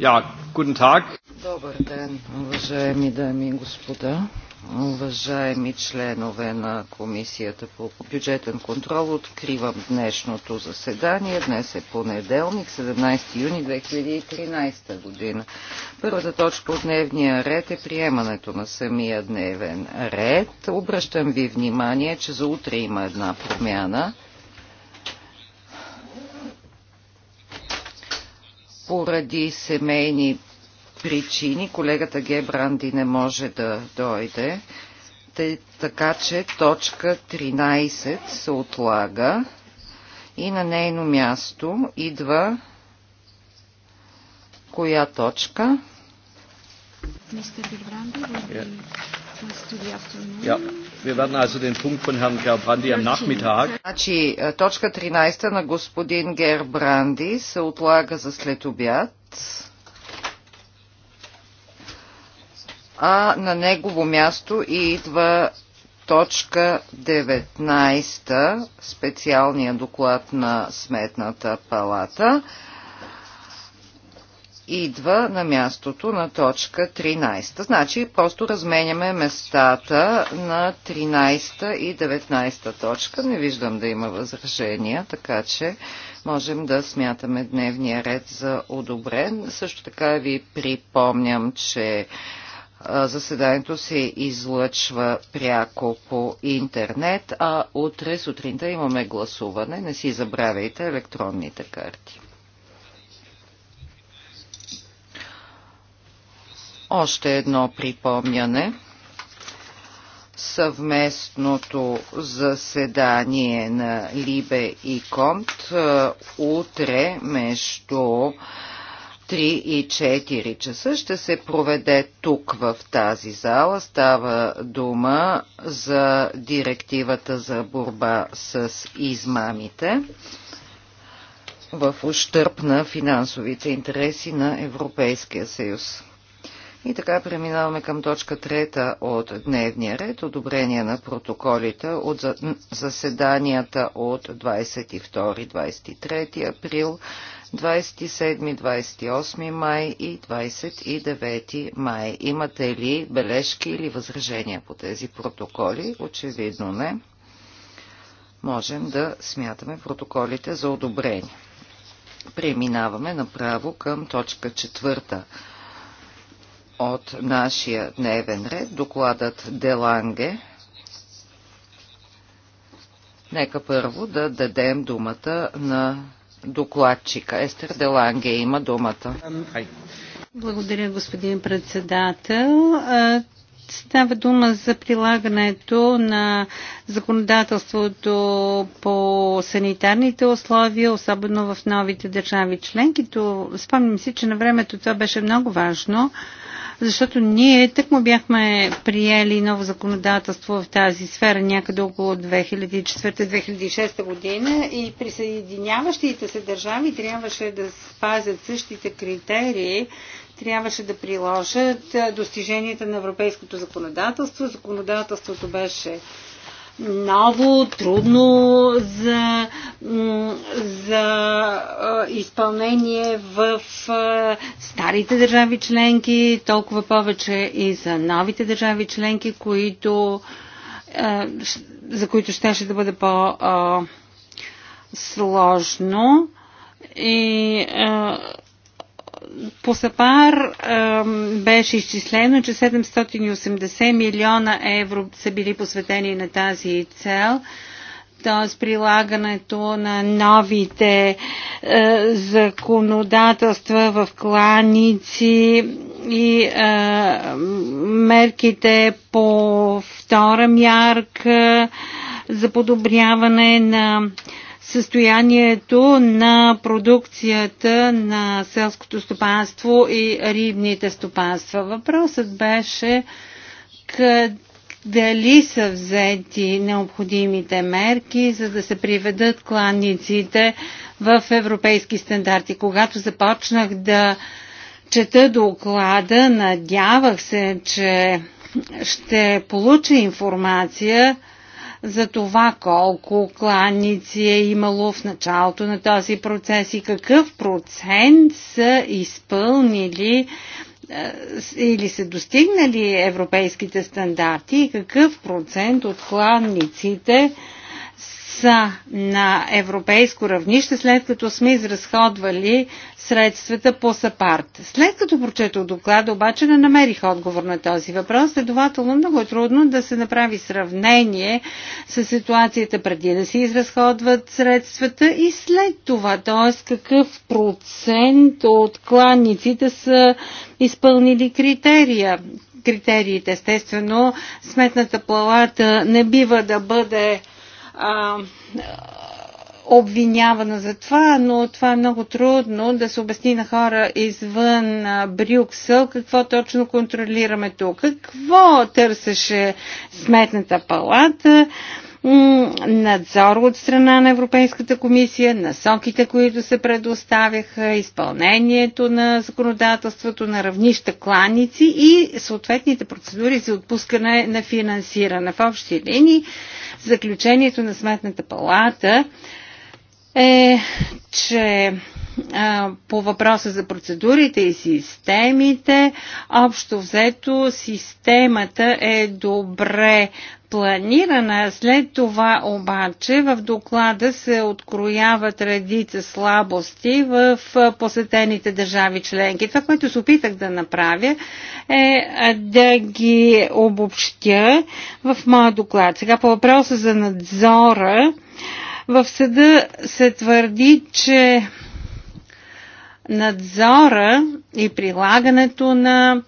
Ja, guten Tag. Добър ден, уважаеми дами и господа, уважаеми членове на Комисията по бюджетен контрол. Откривам днешното заседание. Днес е понеделник, 17 юни 2013 година. Първата точка от дневния ред е приемането на самия дневен ред. Обръщам ви внимание, че за утре има една промяна – Поради семейни причини колегата Гебранди не може да дойде, така че точка 13 се отлага и на нейно място идва коя точка? Мистер Гебранди, Ja, wir werden also den Punkt von Herrn Gerbrandi am Nachmittag. Значи, е, точка 13 на господин Гербранди се отлага за след обяд. А на негово място идва точка 19, специалния доклад на Сметната палата идва на мястото на точка 13. Значи просто разменяме местата на 13 и 19 точка. Не виждам да има възражения, така че можем да смятаме дневния ред за одобрен. Също така ви припомням, че заседанието се излъчва пряко по интернет, а утре сутринта имаме гласуване. Не си забравяйте електронните карти. Още едно припомняне. Съвместното заседание на Либе и Комт е, утре между 3 и 4 часа ще се проведе тук в тази зала. Става дума за директивата за борба с измамите в ущърп на финансовите интереси на Европейския съюз. И така преминаваме към точка трета от дневния ред, одобрение на протоколите от заседанията от 22-23 април, 27-28 май и 29 май. Имате ли бележки или възражения по тези протоколи? Очевидно не. Можем да смятаме протоколите за одобрение. Преминаваме направо към точка четвърта от нашия дневен ред, докладът Деланге. Нека първо да дадем думата на докладчика. Естер Деланге има думата. Благодаря, господин председател. Става дума за прилагането на законодателството по санитарните условия, особено в новите държави членки. Спомням си, че на времето това беше много важно защото ние тък му бяхме приели ново законодателство в тази сфера някъде около 2004-2006 година и присъединяващите се държави трябваше да спазят същите критерии, трябваше да приложат достиженията на европейското законодателство. Законодателството беше ново, трудно за, за изпълнение в старите държави членки, толкова повече и за новите държави членки, които, за които щеше да бъде по-сложно. И по САПАР беше изчислено, че 780 милиона евро са били посветени на тази цел т.е. прилагането на новите е, законодателства в кланици и е, мерките по втора мярка за подобряване на състоянието на продукцията на селското стопанство и рибните стопанства. Въпросът беше дали са взети необходимите мерки, за да се приведат кланниците в европейски стандарти. Когато започнах да чета доклада, надявах се, че ще получа информация за това колко кланици е имало в началото на този процес и какъв процент са изпълнили е, или са достигнали европейските стандарти и какъв процент от кланниците са на европейско равнище, след като сме изразходвали средствата по САПАРТ. След като прочетох доклада, обаче не намерих отговор на този въпрос. Следователно, много е трудно да се направи сравнение с ситуацията преди да се изразходват средствата и след това, т.е. какъв процент от кланниците са изпълнили критерия критериите. Естествено, сметната палата не бива да бъде а, обвинявана за това, но това е много трудно да се обясни на хора извън Брюксел какво точно контролираме тук. Какво търсеше Сметната палата? надзор от страна на Европейската комисия, насоките, които се предоставяха, изпълнението на законодателството на равнища кланици и съответните процедури за отпускане на финансиране. В общи линии Заключението на Сметната палата е, че по въпроса за процедурите и системите, общо взето системата е добре планирана. След това обаче в доклада се открояват редица слабости в посетените държави членки. Това, което се опитах да направя е да ги обобщя в моя доклад. Сега по въпроса за надзора. В съда се твърди, че надзора и прилагането на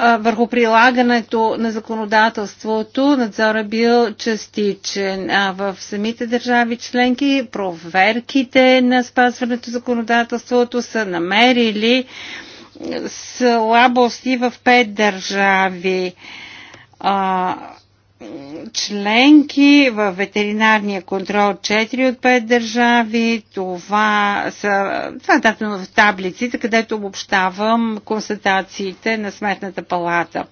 върху прилагането на законодателството надзора бил частичен. А в самите държави членки проверките на спазването законодателството са намерили слабости в пет държави. А, членки в ветеринарния контрол 4 от 5 държави. Това са това е дадено в таблиците, където обобщавам констатациите на Сметната палата.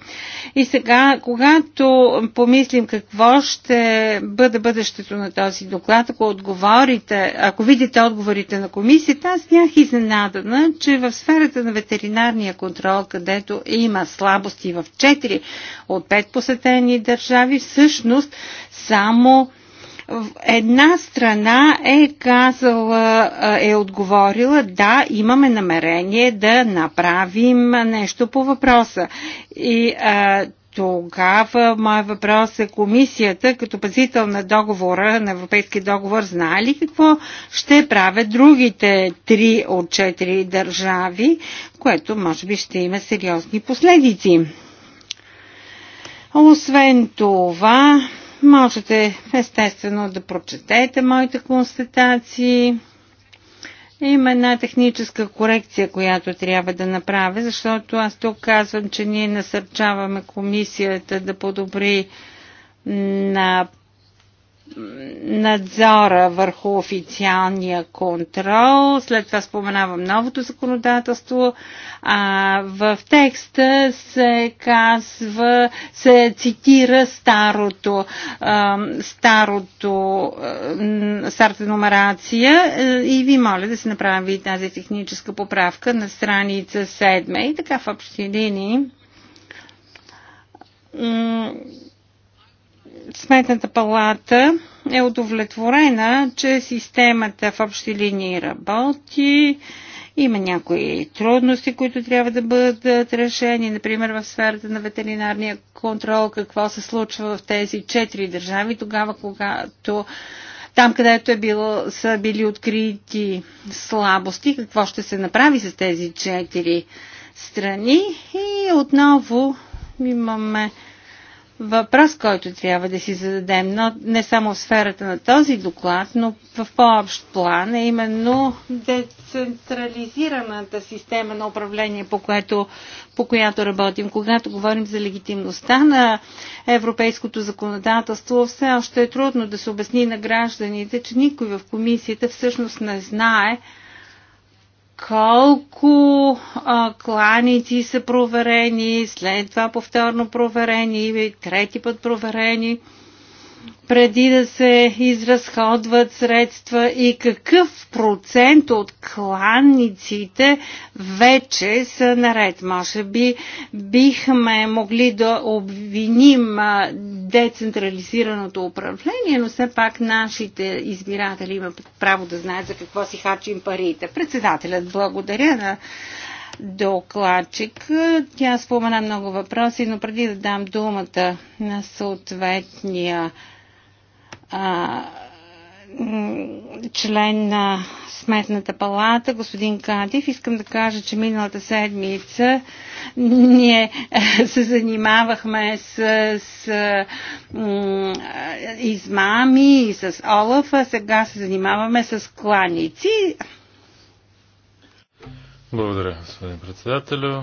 И сега, когато помислим какво ще бъде бъдещето на този доклад, ако отговорите, ако видите отговорите на комисията, аз бях изненадана, че в сферата на ветеринарния контрол, където има слабости в 4 от 5 посетени държави, всъщност само една страна е казала, е отговорила, да, имаме намерение да направим нещо по въпроса. И а, тогава моят въпрос е комисията, като пазител на договора, на европейски договор, знае ли какво ще правят другите три от четири държави, което може би ще има сериозни последици. Освен това, можете естествено да прочетете моите констатации. Има една техническа корекция, която трябва да направя, защото аз тук казвам, че ние насърчаваме комисията да подобри на надзора върху официалния контрол. След това споменавам новото законодателство. А, в текста се казва, се цитира старото, а, старото, а, старата нумерация и ви моля да се направи тази техническа поправка на страница 7. И така в общи линии Сметната палата е удовлетворена, че системата в общи линии работи. Има някои трудности, които трябва да бъдат решени, например в сферата на ветеринарния контрол, какво се случва в тези четири държави тогава, когато там, където е било, са били открити слабости, какво ще се направи с тези четири страни. И отново имаме въпрос, който трябва да си зададем, но не само в сферата на този доклад, но в по-общ план е именно децентрализираната система на управление, по което, по която работим. Когато говорим за легитимността на европейското законодателство, все още е трудно да се обясни на гражданите, че никой в комисията всъщност не знае, колко а, кланици са проверени, след това повторно проверени трети път проверени преди да се изразходват средства и какъв процент от кланниците вече са наред. Може би бихме могли да обвиним децентрализираното управление, но все пак нашите избиратели имат право да знаят за какво си харчим парите. Председателят благодаря на докладчик. Тя спомена много въпроси, но преди да дам думата на съответния член на Сметната палата, господин Кадив. Искам да кажа, че миналата седмица ние е, се занимавахме с, с е, измами и с Олаф, а сега се занимаваме с кланици. Благодаря, господин председателю.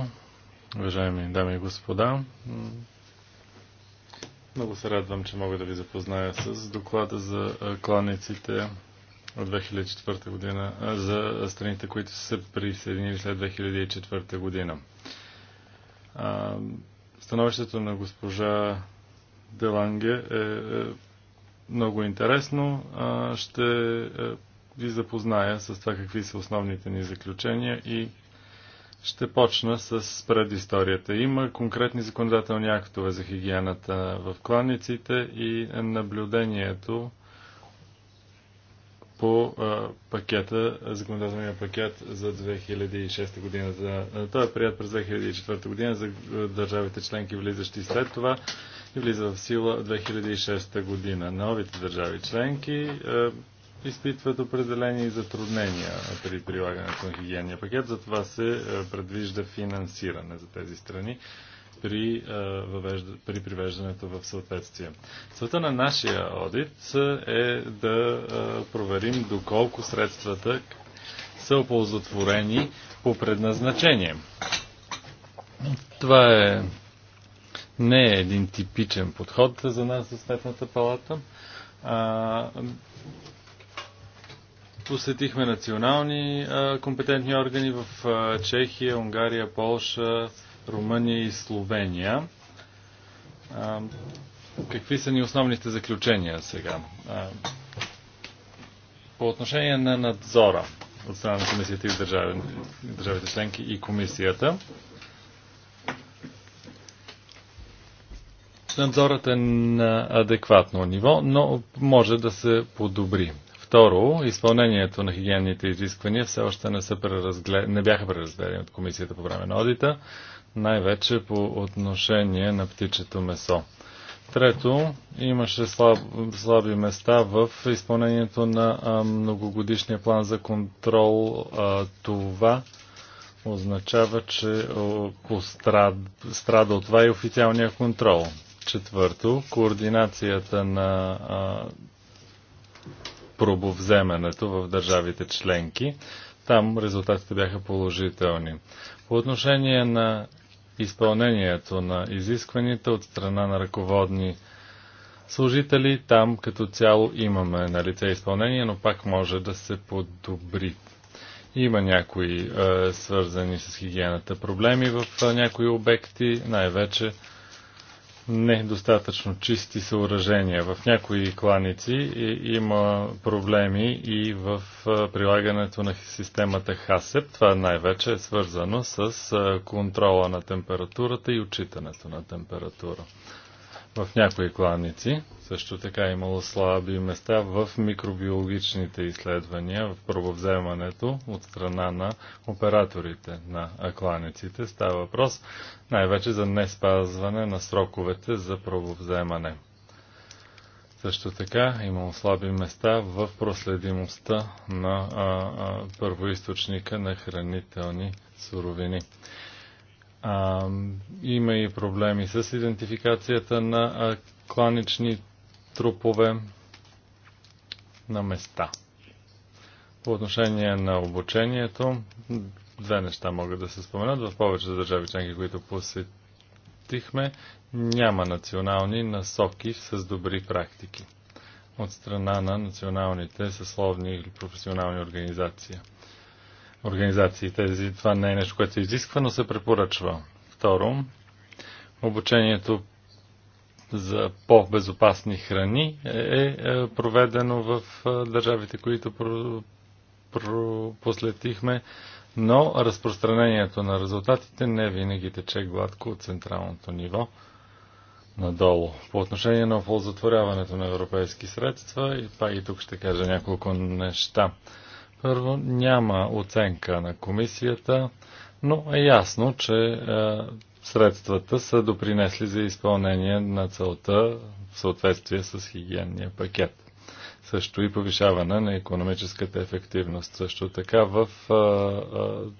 Уважаеми дами и господа, много се радвам, че мога да ви запозная с доклада за кланиците от 2004 година, за страните, които са се присъединили след 2004 година. Становището на госпожа Деланге е, е много интересно. Ще е, ви запозная с това какви са основните ни заключения и ще почна с предисторията. Има конкретни законодателни актове за хигиената в кланиците и наблюдението по пакета, законодателния пакет за 2006 година. За, той е прият през 2004 година за държавите членки, влизащи след това и влиза в сила 2006 година. Новите държави членки изпитват определени затруднения при прилагането на хигиенния пакет. Затова се е, предвижда финансиране за тези страни при, е, въвежда, при привеждането в съответствие. Целта на нашия одит е да е, проверим доколко средствата са оползотворени по предназначение. Това е не е един типичен подход за нас за Сметната палата. А, Посетихме национални а, компетентни органи в а, Чехия, Унгария, Полша, Румъния и Словения. А, какви са ни основните заключения сега? А, по отношение на надзора от страна на комисията и държавите, държавите членки и комисията, надзорът е на адекватно ниво, но може да се подобри. Второ, изпълнението на хигиенните изисквания все още не, са преразгле... не бяха преразгледани от комисията по време на одита, най-вече по отношение на птичето месо. Трето, имаше слаб, слаби места в изпълнението на многогодишния план за контрол. А, това означава, че ако страд, страда от това и е официалния контрол. Четвърто, координацията на а, пробовземането в държавите членки. Там резултатите бяха положителни. По отношение на изпълнението на изискванията от страна на ръководни служители, там като цяло имаме на лице изпълнение, но пак може да се подобри. Има някои е, свързани с хигиената проблеми в е, някои обекти, най-вече недостатъчно чисти съоръжения. В някои кланици има проблеми и в прилагането на системата ХАСЕП. Това най-вече е свързано с контрола на температурата и отчитането на температура. В някои кланици също така е имало слаби места в микробиологичните изследвания, в пробовземането от страна на операторите на кланиците. Става въпрос най-вече за не спазване на сроковете за пробовземане. Също така е имало слаби места в проследимостта на а, а, първоисточника на хранителни суровини. А, има и проблеми с идентификацията на а, кланични трупове на места. По отношение на обучението, две неща могат да се споменат. В повечето държави членки, които посетихме, няма национални насоки с добри практики от страна на националните съсловни или професионални организации организации. Тези, това не е нещо, което се изисква, но се препоръчва. Второ, обучението за по-безопасни храни е, е, е проведено в е, държавите, които посетихме, но разпространението на резултатите не винаги тече гладко от централното ниво надолу. По отношение на оползотворяването на европейски средства, и пак и тук ще кажа няколко неща. Първо, няма оценка на комисията, но е ясно, че е, средствата са допринесли за изпълнение на целта в съответствие с хигиенния пакет. Също и повишаване на економическата ефективност. Също така в е, е,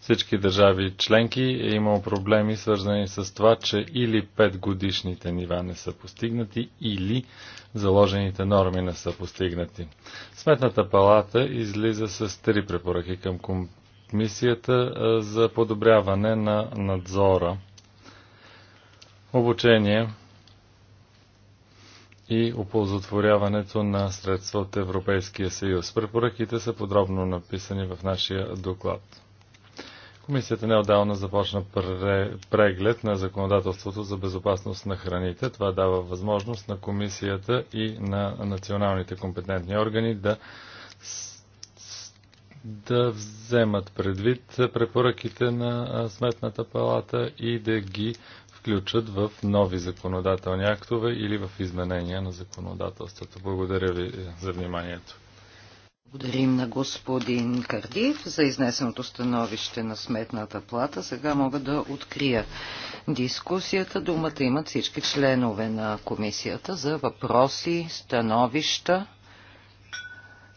всички държави членки е имало проблеми, свързани с това, че или 5 годишните нива не са постигнати, или заложените норми не са постигнати. Сметната палата излиза с три препоръки към комисията за подобряване на надзора, обучение и оползотворяването на средства от Европейския съюз. Препоръките са подробно написани в нашия доклад. Комисията неодавна започна преглед на законодателството за безопасност на храните. Това дава възможност на комисията и на националните компетентни органи да да вземат предвид препоръките на Сметната палата и да ги включат в нови законодателни актове или в изменения на законодателството. Благодаря ви е, за вниманието. Благодарим на господин Кардив за изнесеното становище на Сметната плата. Сега мога да открия дискусията. Думата имат всички членове на комисията за въпроси, становища.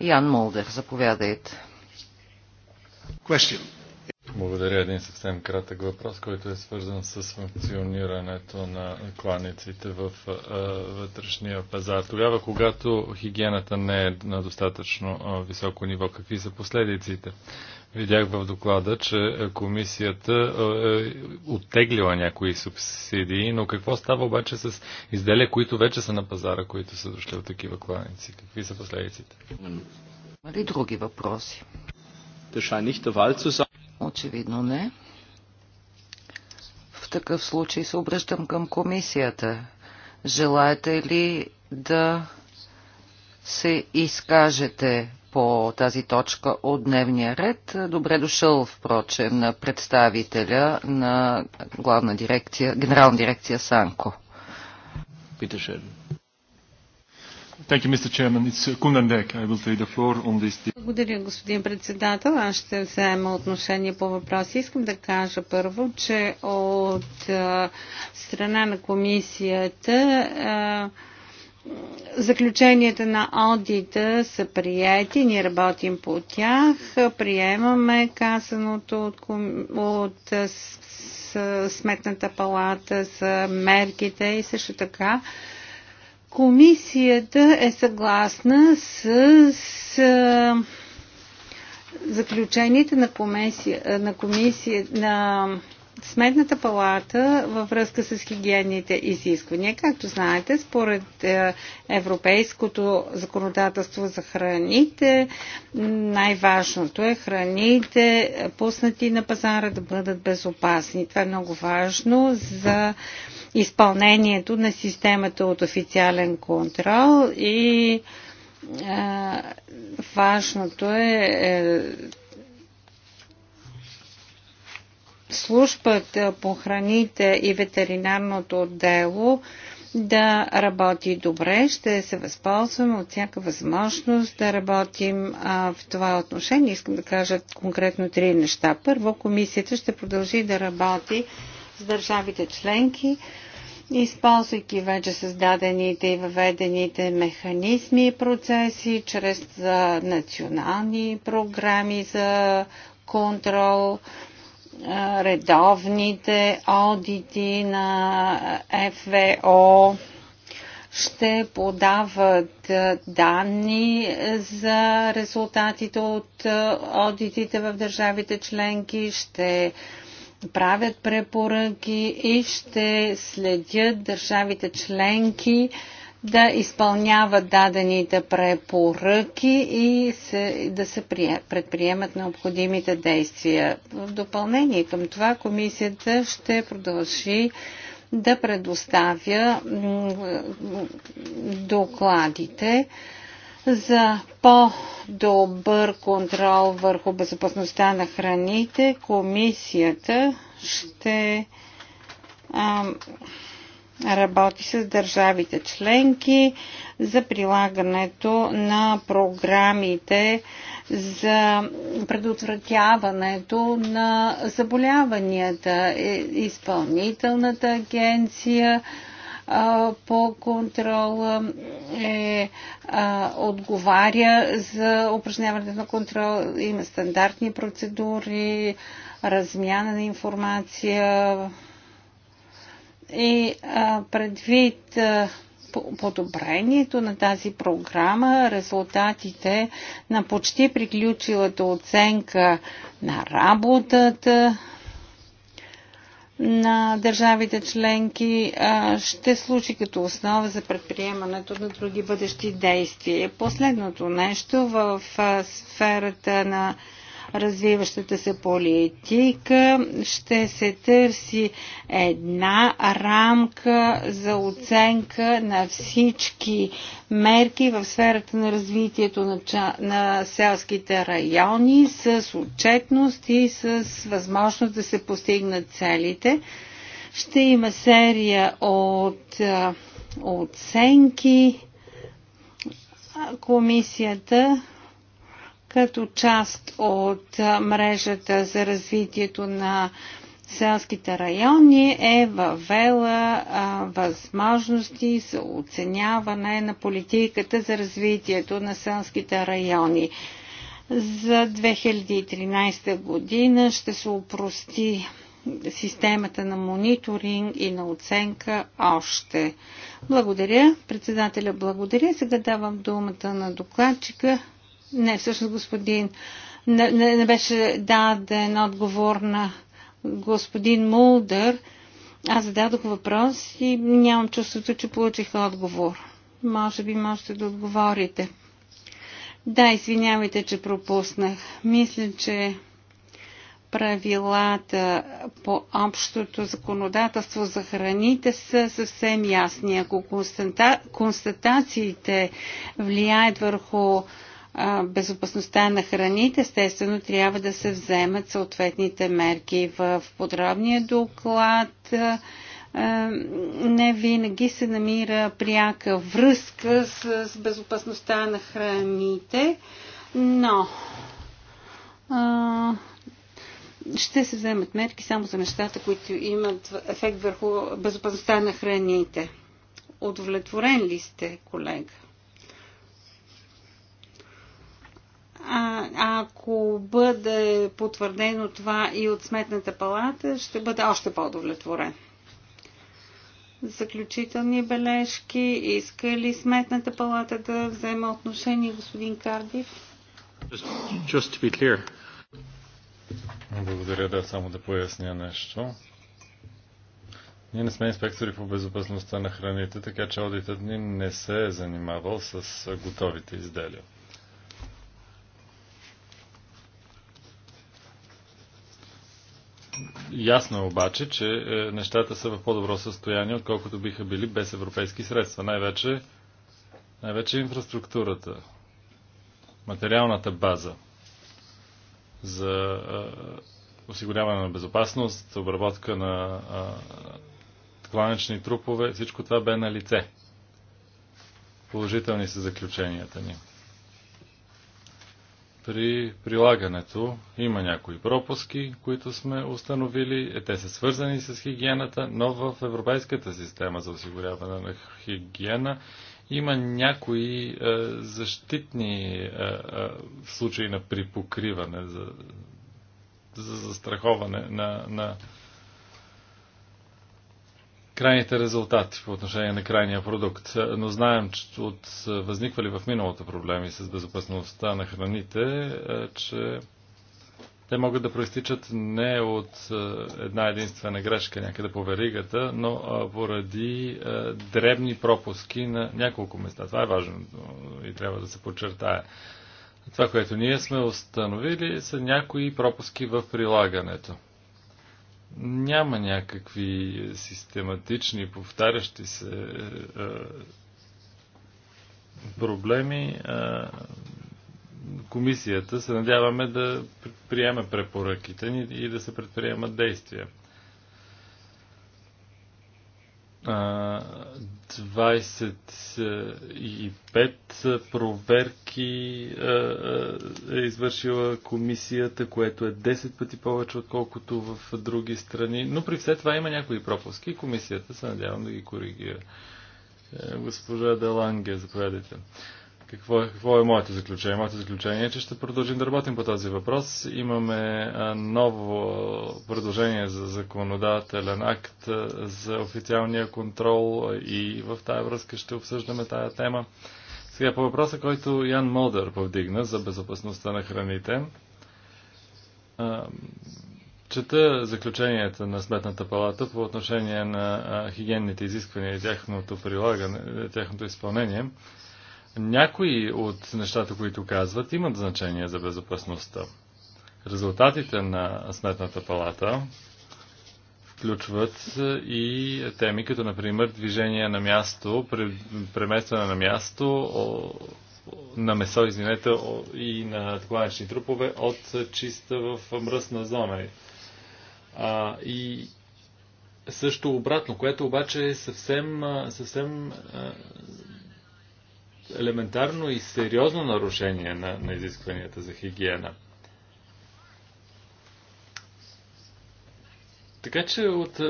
Ян Молдер, заповядайте. Question. Благодаря. Един съвсем кратък въпрос, който е свързан с функционирането на кланиците в вътрешния пазар. Тогава, когато хигиената не е на достатъчно високо ниво, какви са последиците? Видях в доклада, че комисията е оттеглила някои субсидии, но какво става обаче с изделия, които вече са на пазара, които са дошли от такива кланици? Какви са последиците? Има ли други въпроси? Това не е Очевидно не. В такъв случай се обръщам към комисията. Желаете ли да се изкажете по тази точка от дневния ред. Добре дошъл, впрочем, на представителя на главна дирекция, генерална дирекция Санко. Питаше. Thank you, Mr. Chairman. It's uh, I will take the floor on this. Благодаря, господин председател. Аз ще взема отношение по въпроси. Искам да кажа първо, че от страна на комисията Заключенията на аудита са прияти, ние работим по тях, приемаме казаното от, от Сметната палата за мерките и също така Комисията е съгласна с, с заключенията на комисия, на комисия, на Сметната палата във връзка с хигиенните изисквания. Както знаете, според е, европейското законодателство за храните, най-важното е храните, пуснати на пазара, да бъдат безопасни. Това е много важно за изпълнението на системата от официален контрол и е, важното е, е службата по храните и ветеринарното отдело да работи добре. Ще се възползваме от всяка възможност да работим а, в това отношение. Искам да кажа конкретно три неща. Първо, комисията ще продължи да работи с държавите членки, използвайки вече създадените и въведените механизми и процеси, чрез национални програми за контрол, редовните одити на ФВО ще подават данни за резултатите от одитите в държавите членки, ще правят препоръки и ще следят държавите членки да изпълняват дадените препоръки и се, да се предприемат необходимите действия. В допълнение към това комисията ще продължи да предоставя докладите за по-добър контрол върху безопасността на храните. Комисията ще работи с държавите членки за прилагането на програмите за предотвратяването на заболяванията. Е, Изпълнителната агенция по контрола е, а, отговаря за упражняването на контрол. Има стандартни процедури, размяна на информация, и а, предвид а, подобрението на тази програма, резултатите на почти приключилата оценка на работата на държавите членки ще служи като основа за предприемането на други бъдещи действия. Последното нещо в сферата на развиващата се политика. Ще се търси една рамка за оценка на всички мерки в сферата на развитието на, на селските райони с отчетност и с възможност да се постигнат целите. Ще има серия от оценки. Комисията като част от мрежата за развитието на селските райони е въвела а, възможности за оценяване на политиката за развитието на селските райони. За 2013 година ще се упрости системата на мониторинг и на оценка още. Благодаря, председателя, благодаря. Сега давам думата на докладчика не, всъщност господин не, не, не беше даден отговор на господин Мулдър. Аз зададох въпрос и нямам чувството, че получих отговор. Може би можете да отговорите. Да, извинявайте, че пропуснах. Мисля, че правилата по общото законодателство за храните са съвсем ясни. Ако констата... констатациите влияят върху безопасността на храните, естествено трябва да се вземат съответните мерки. В подробния доклад не винаги се намира пряка връзка с безопасността на храните, но ще се вземат мерки само за нещата, които имат ефект върху безопасността на храните. Удовлетворен ли сте, колега? А, ако бъде потвърдено това и от Сметната палата, ще бъде още по-удовлетворен. Заключителни бележки. Иска ли Сметната палата да вземе отношение, господин Кардив? Just, just to be clear. Благодаря, да, само да поясня нещо. Ние не сме инспектори по безопасността на храните, така че аудитът ни не се е занимавал с готовите изделия. Ясно е обаче, че е, нещата са в по-добро състояние, отколкото биха били без европейски средства. Най-вече, най-вече инфраструктурата, материалната база за е, осигуряване на безопасност, обработка на е, кланични трупове, всичко това бе на лице. Положителни са заключенията ни при прилагането има някои пропуски, които сме установили. Е, те са свързани с хигиената, но в Европейската система за осигуряване на хигиена има някои е, защитни е, е, случаи на припокриване за, за застраховане на, на крайните резултати по отношение на крайния продукт. Но знаем, че от е, възниквали в миналото проблеми с безопасността на храните, е, че те могат да проистичат не от е, една единствена грешка някъде по веригата, но поради дребни пропуски на няколко места. Това е важно и трябва да се подчертае. Това, което ние сме установили, са някои пропуски в прилагането. Няма някакви систематични, повтарящи се е, е, проблеми. Комисията се надяваме да приеме препоръките ни и да се предприемат действия 25 проверки е извършила комисията, което е 10 пъти повече, отколкото в други страни. Но при все това има някои пропуски и комисията се надявам да ги коригира. Е, госпожа Деланге, заповядайте. Какво е, какво е моето заключение? Моето заключение е, че ще продължим да работим по този въпрос. Имаме ново предложение за законодателен акт за официалния контрол и в тази връзка ще обсъждаме тая тема. Сега по въпроса, който Ян Молдър повдигна за безопасността на храните. Чета заключенията на Сметната палата по отношение на хигиенните изисквания и тяхното прилагане, тяхното изпълнение. Някои от нещата, които казват, имат значение за безопасността. Резултатите на Сметната палата включват е, и теми като, например, движение на място, преместване на място, на месо, извинете, и на кланични трупове от чиста в мръсна зона. А, и също обратно, което обаче е съвсем, съвсем елементарно и сериозно нарушение на, на изискванията за хигиена. Така че, от, е,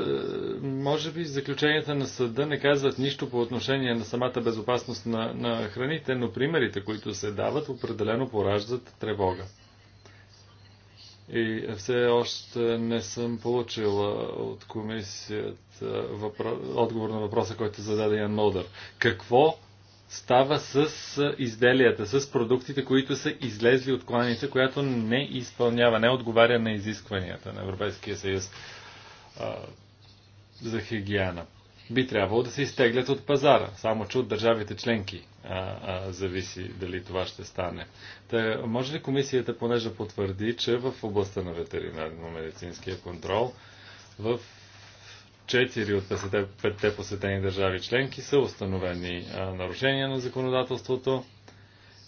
може би, заключенията на съда не казват нищо по отношение на самата безопасност на, на храните, но примерите, които се дават, определено пораждат тревога. И все още не съм получил от комисията въпро... отговор на въпроса, който зададе Ян Нодър. Какво става с изделията, с продуктите, които са излезли от кланица, която не изпълнява, не отговаря на изискванията на Европейския съюз а, за хигиена. Би трябвало да се изтеглят от пазара, само че от държавите членки а, а, зависи дали това ще стане. Та, може ли комисията, понеже потвърди, че в областта на ветеринарно-медицинския контрол в четири от петте посетени държави членки са установени нарушения на законодателството.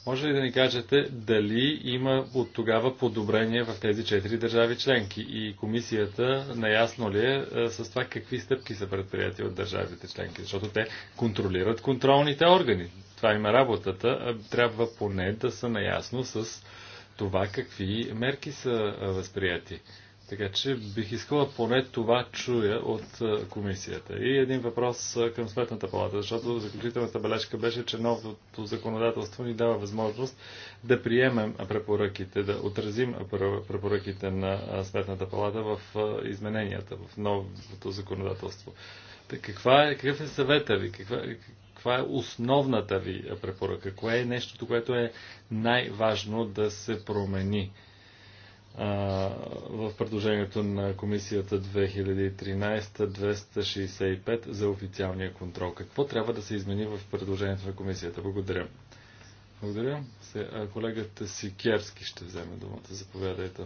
Може ли да ни кажете дали има от тогава подобрение в тези четири държави членки и комисията наясно ли е с това какви стъпки са предприяти от държавите членки? Защото те контролират контролните органи. Това има работата. Трябва поне да са наясно с това какви мерки са възприяти. Така че бих искала поне това чуя от комисията. И един въпрос към Сметната палата, защото заключителната бележка беше, че новото законодателство ни дава възможност да приемем препоръките, да отразим препоръките на Сметната палата в измененията, в новото законодателство. Каква е, какъв е съвета ви? Каква, каква е основната ви препоръка? Кое е нещото, което е най-важно да се промени? в предложението на комисията 2013-265 за официалния контрол. Какво трябва да се измени в предложението на комисията? Благодаря. Благодаря. Колегата Сикерски ще вземе думата. Заповядайте.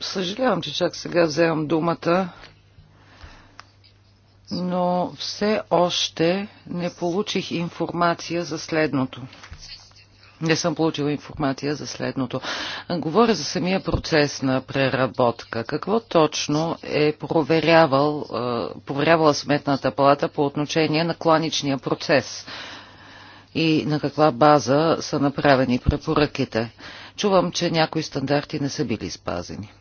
Съжалявам, че чак сега вземам думата, но все още не получих информация за следното не съм получила информация за следното. Говоря за самия процес на преработка. Какво точно е проверявал, проверявала Сметната палата по отношение на кланичния процес? и на каква база са направени препоръките. Чувам, че някои стандарти не са били спазени.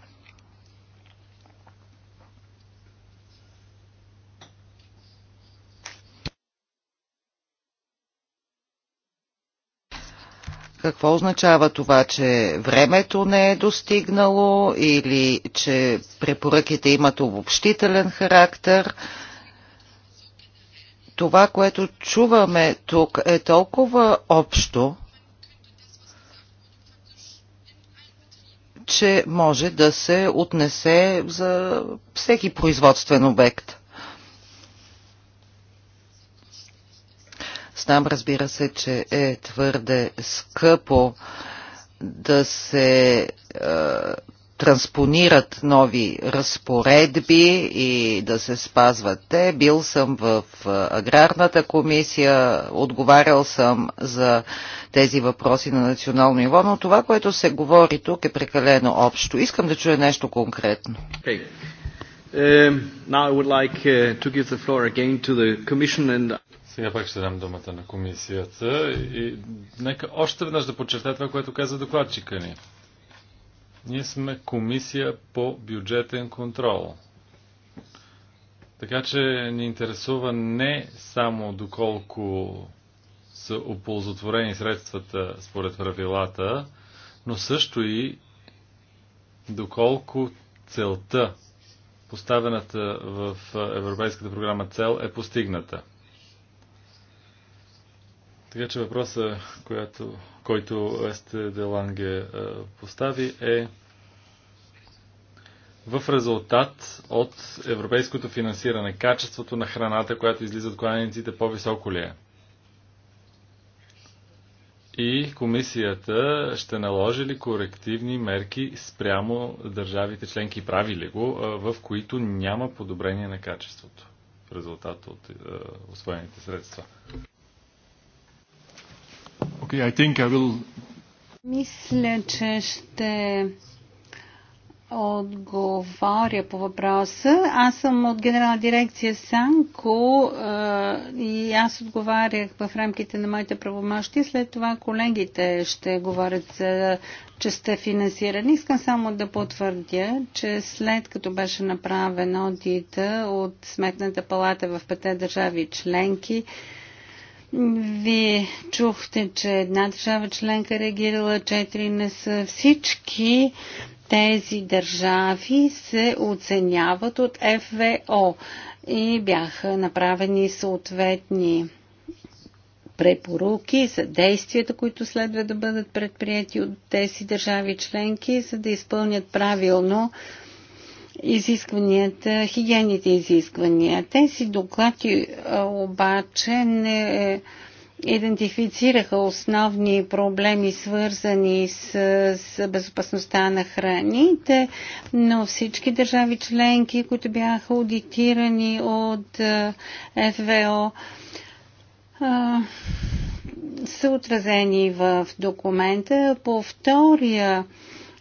Какво означава това, че времето не е достигнало или че препоръките имат обобщителен характер? Това, което чуваме тук е толкова общо, че може да се отнесе за всеки производствен обект. Знам, разбира се, че е твърде скъпо да се е, транспонират нови разпоредби и да се спазват те. Бил съм в е, аграрната комисия, отговарял съм за тези въпроси на национално ниво, но това, което се говори тук е прекалено общо. Искам да чуя нещо конкретно. Okay. Um, now I would like uh, to give the floor again to the Commission and сега пак ще дам думата на комисията и нека още веднъж да подчертая това, което каза докладчика ни. Ние сме комисия по бюджетен контрол. Така че ни интересува не само доколко са оползотворени средствата според правилата, но също и доколко целта, поставената в Европейската програма цел, е постигната. Така че въпроса, която, който Есте Деланге е, постави е в резултат от европейското финансиране, качеството на храната, която излиза от кланиците, по-високо ли е? И комисията ще наложи ли корективни мерки спрямо държавите членки, прави ли го, е, в които няма подобрение на качеството в резултат от е, освоените средства? Okay, I think I will... Мисля, че ще отговоря по въпроса. Аз съм от генерална дирекция Санко е, и аз отговарях в рамките на моите правомощи. След това колегите ще говорят за че сте финансирани. Искам само да потвърдя, че след като беше направен одита от Сметната палата в пете държави членки, вие чухте, че една държава членка е реагирала, четири не са. Всички тези държави се оценяват от ФВО и бяха направени съответни препоруки за действията, които следва да бъдат предприяти от тези държави членки, за да изпълнят правилно изискванията, хигиените изисквания. Тези доклади е, обаче не е, идентифицираха основни проблеми, свързани с, с безопасността на храните, но всички държави членки, които бяха аудитирани от е, ФВО, са отразени в документа. По втория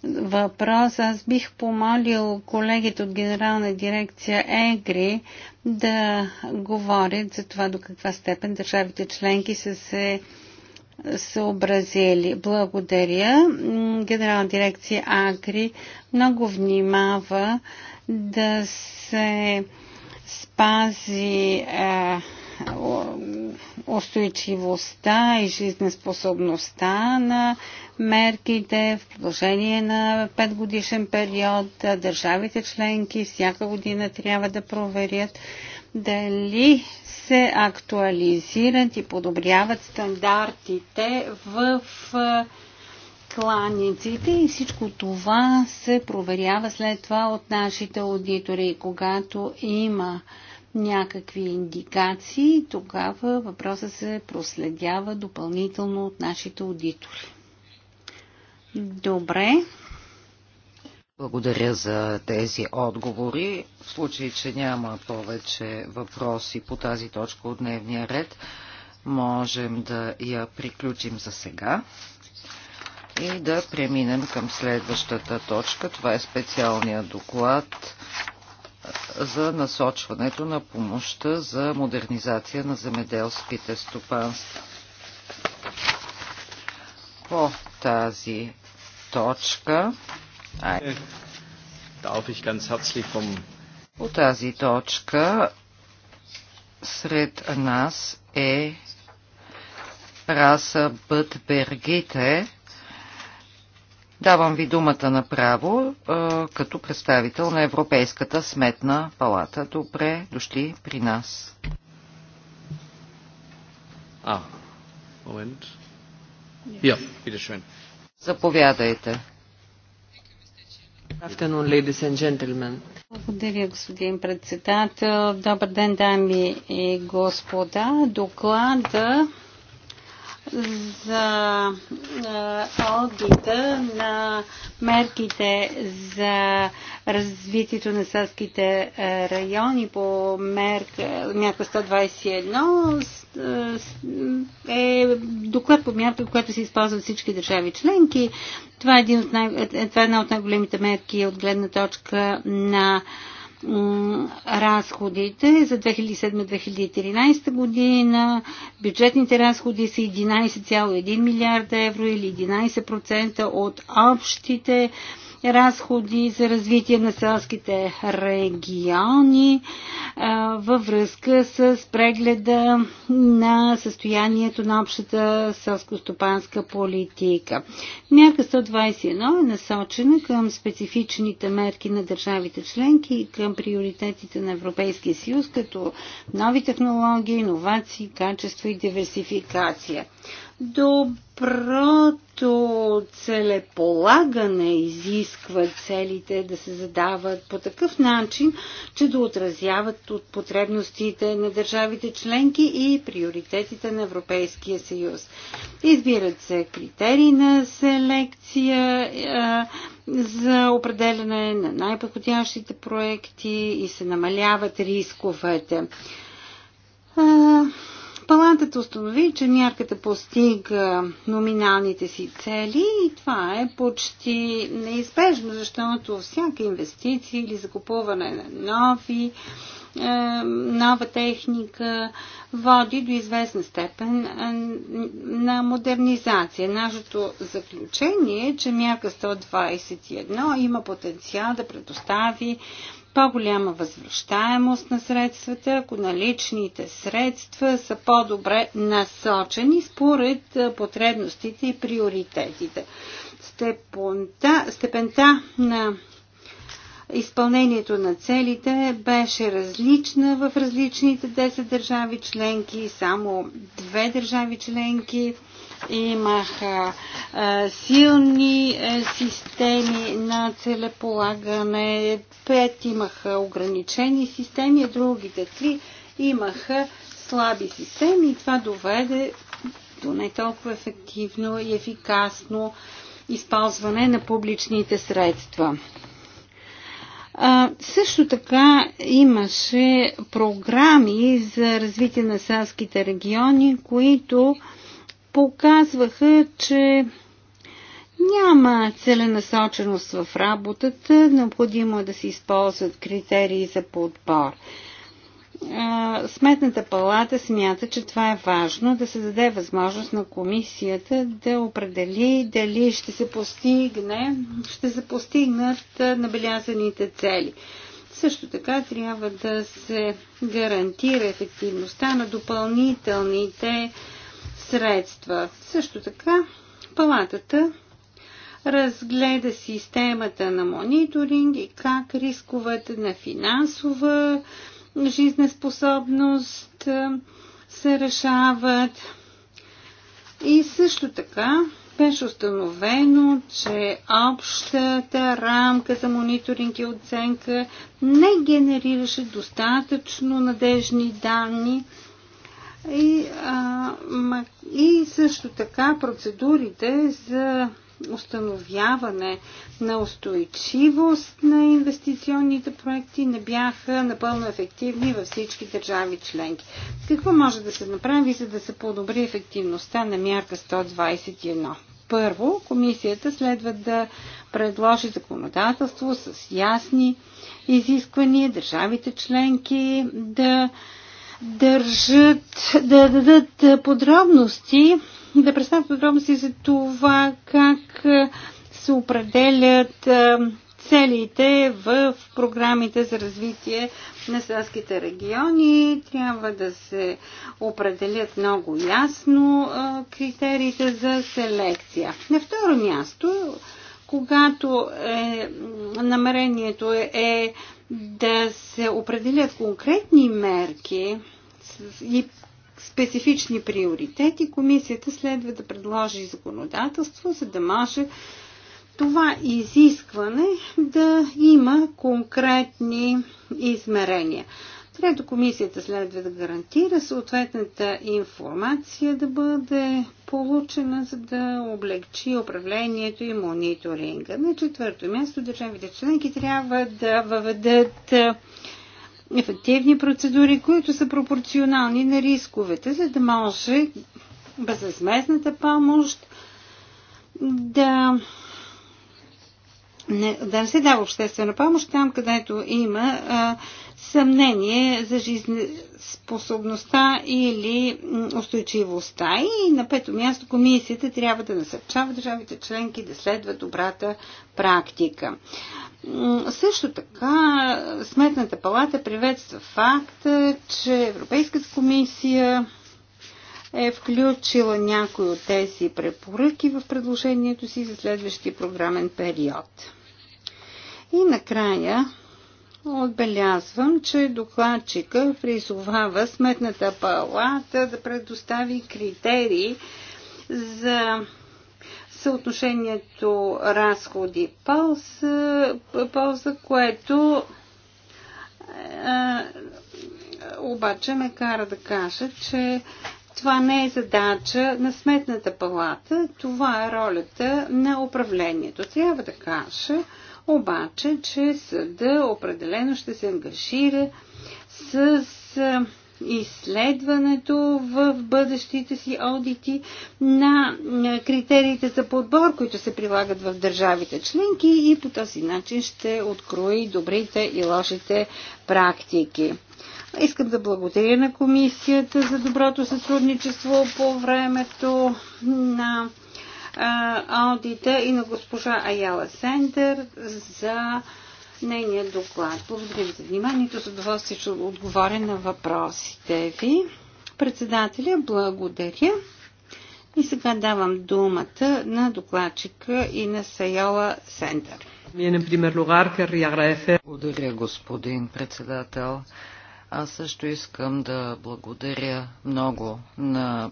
въпрос, аз бих помолил колегите от Генерална дирекция ЕГРИ да говорят за това до каква степен държавите членки са се съобразили. Благодаря. Генерална дирекция Агри много внимава да се спази е, устойчивостта и жизнеспособността на мерките в продължение на 5 годишен период. Държавите членки всяка година трябва да проверят дали се актуализират и подобряват стандартите в кланиците и всичко това се проверява след това от нашите аудитори. Когато има някакви индикации, тогава въпросът се проследява допълнително от нашите аудитори. Добре. Благодаря за тези отговори. В случай, че няма повече въпроси по тази точка от дневния ред, можем да я приключим за сега и да преминем към следващата точка. Това е специалния доклад за насочването на помощта за модернизация на земеделските стопанства. По тази точка. По тази точка сред нас е Раса Бът Бергите. Давам ви думата направо като представител на Европейската сметна палата. Добре дошли при нас. А, момент. Ja, yeah. Заповядайте. Благодаря, господин председател. Добър ден, дами и господа. Доклада за аудита на мерките за развитието на селските райони по мерка, 121 е доклад по мярка, която се използва всички държави членки. Това е, един от най, е, е, това е една от най-големите мерки от гледна точка на разходите за 2007-2013 година. Бюджетните разходи са 11,1 милиарда евро или 11% от общите разходи за развитие на селските региони във връзка с прегледа на състоянието на общата селско-стопанска политика. Мярка 121 е насочена към специфичните мерки на държавите членки и към приоритетите на Европейския съюз, като нови технологии, иновации, качество и диверсификация. Доброто целеполагане изисква целите да се задават по такъв начин, че да отразяват от потребностите на държавите членки и приоритетите на Европейския съюз. Избират се критерии на селекция за определене на най-подходящите проекти и се намаляват рисковете. Палатата установи, че мярката постига номиналните си цели и това е почти неизбежно, защото всяка инвестиция или закупуване на нови е, нова техника води до известна степен е, на модернизация. Нашето заключение е, че мярка 121 има потенциал да предостави по-голяма възвръщаемост на средствата, ако наличните средства са по-добре насочени според потребностите и приоритетите. Степента, степента на изпълнението на целите беше различна в различните 10 държави членки, само две държави членки имаха силни е, системи на целеполагане, пет имаха ограничени системи, а другите три имаха слаби системи и това доведе до не толкова ефективно и ефикасно използване на публичните средства. А, също така имаше програми за развитие на селските региони, които а, показваха, че няма целенасоченост в работата, необходимо е да се използват критерии за подбор. Сметната палата смята, че това е важно да се даде възможност на комисията да определи дали ще се постигне, ще се постигнат набелязаните цели. Също така трябва да се гарантира ефективността на допълнителните средства. Също така, палатата разгледа системата на мониторинг и как рисковете на финансова жизнеспособност е, се решават. И също така беше установено, че общата рамка за мониторинг и оценка не генерираше достатъчно надежни данни и, а, и също така процедурите за установяване на устойчивост на инвестиционните проекти не бяха напълно ефективни във всички държави членки. Какво може да се направи, за да се подобри ефективността на мярка 121? Първо, комисията следва да предложи законодателство с ясни изисквания, държавите членки да държат, да дадат подробности, да представят подробности за това как се определят целите в програмите за развитие на селските региони. Трябва да се определят много ясно критериите за селекция. На второ място когато е, намерението е, е да се определят конкретни мерки и специфични приоритети, комисията следва да предложи законодателство, за да може това изискване да има конкретни измерения. Трето, комисията следва да гарантира съответната информация да бъде получена, за да облегчи управлението и мониторинга. На четвърто място държавите членки трябва да въведат ефективни процедури, които са пропорционални на рисковете, за да може безвъзмезната помощ да не, да не се дава обществена помощ там, където има а, съмнение за жизнеспособността или устойчивостта. И на пето място комисията трябва да насърчава държавите членки да следва добрата практика. Също така Сметната палата приветства факта, че Европейската комисия е включила някои от тези препоръки в предложението си за следващия програмен период. И накрая Отбелязвам, че докладчика призовава Сметната палата да предостави критерии за съотношението разходи полза, полза което е, обаче ме кара да кажа, че това не е задача на Сметната палата, това е ролята на управлението. Трябва да кажа, обаче, че съда определено ще се ангажира с изследването в бъдещите си аудити на критериите за подбор, които се прилагат в държавите членки и по този начин ще открои добрите и лошите практики. Искам да благодаря на комисията за доброто сътрудничество по времето на аудита и на госпожа Аяла Сендер за нейния доклад. Благодарим за вниманието. С удоволствие ще отговоря на въпросите ви. Председателя, благодаря. И сега давам думата на докладчика и на Сайола Сендър. Благодаря, господин председател. Аз също искам да благодаря много на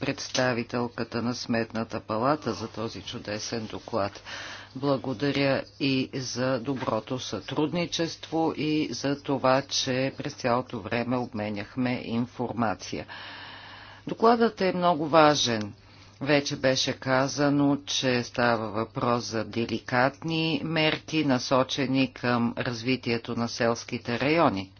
представителката на Сметната палата за този чудесен доклад. Благодаря и за доброто сътрудничество и за това, че през цялото време обменяхме информация. Докладът е много важен. Вече беше казано, че става въпрос за деликатни мерки, насочени към развитието на селските райони.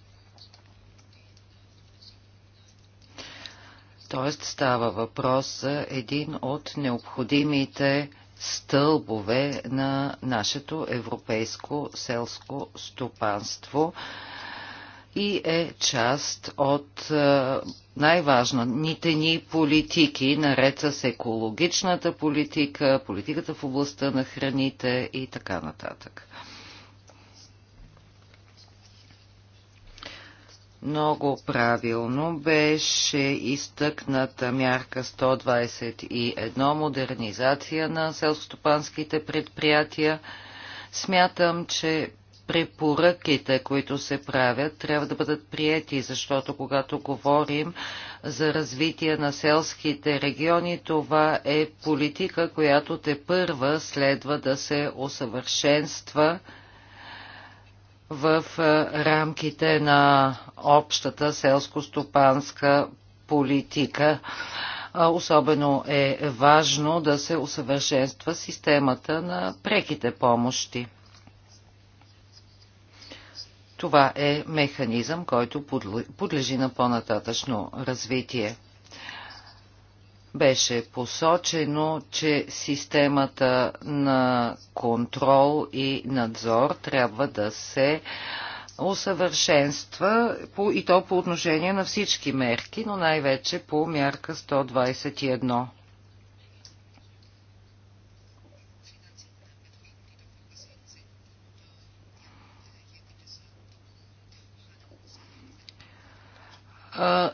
Тоест става въпрос за един от необходимите стълбове на нашето европейско селско стопанство и е част от е, най-важните ни политики, наред с екологичната политика, политиката в областта на храните и така нататък. Много правилно беше изтъкната мярка 121 модернизация на селскостопанските предприятия. Смятам, че препоръките, които се правят, трябва да бъдат приети, защото когато говорим за развитие на селските региони, това е политика, която те първа следва да се усъвършенства в е, рамките на общата селско-стопанска политика. Е, особено е важно да се усъвършенства системата на преките помощи. Това е механизъм, който подлежи на по-нататъчно развитие беше посочено, че системата на контрол и надзор трябва да се усъвършенства по, и то по отношение на всички мерки, но най-вече по мярка 121.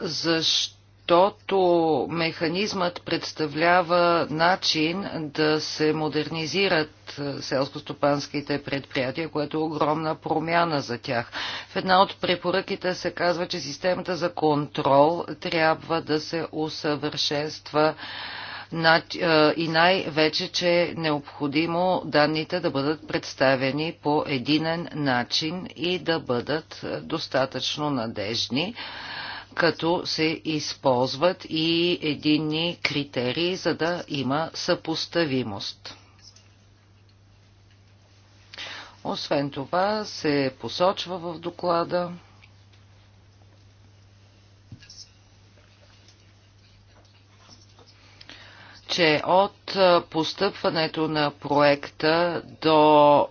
Защо? защото механизмът представлява начин да се модернизират е, селско-стопанските предприятия, което е огромна промяна за тях. В една от препоръките се казва, че системата за контрол трябва да се усъвършенства е, и най-вече, че е необходимо данните да бъдат представени по единен начин и да бъдат е, достатъчно надежни като се използват и единни критерии, за да има съпоставимост. Освен това се посочва в доклада, че от постъпването на проекта до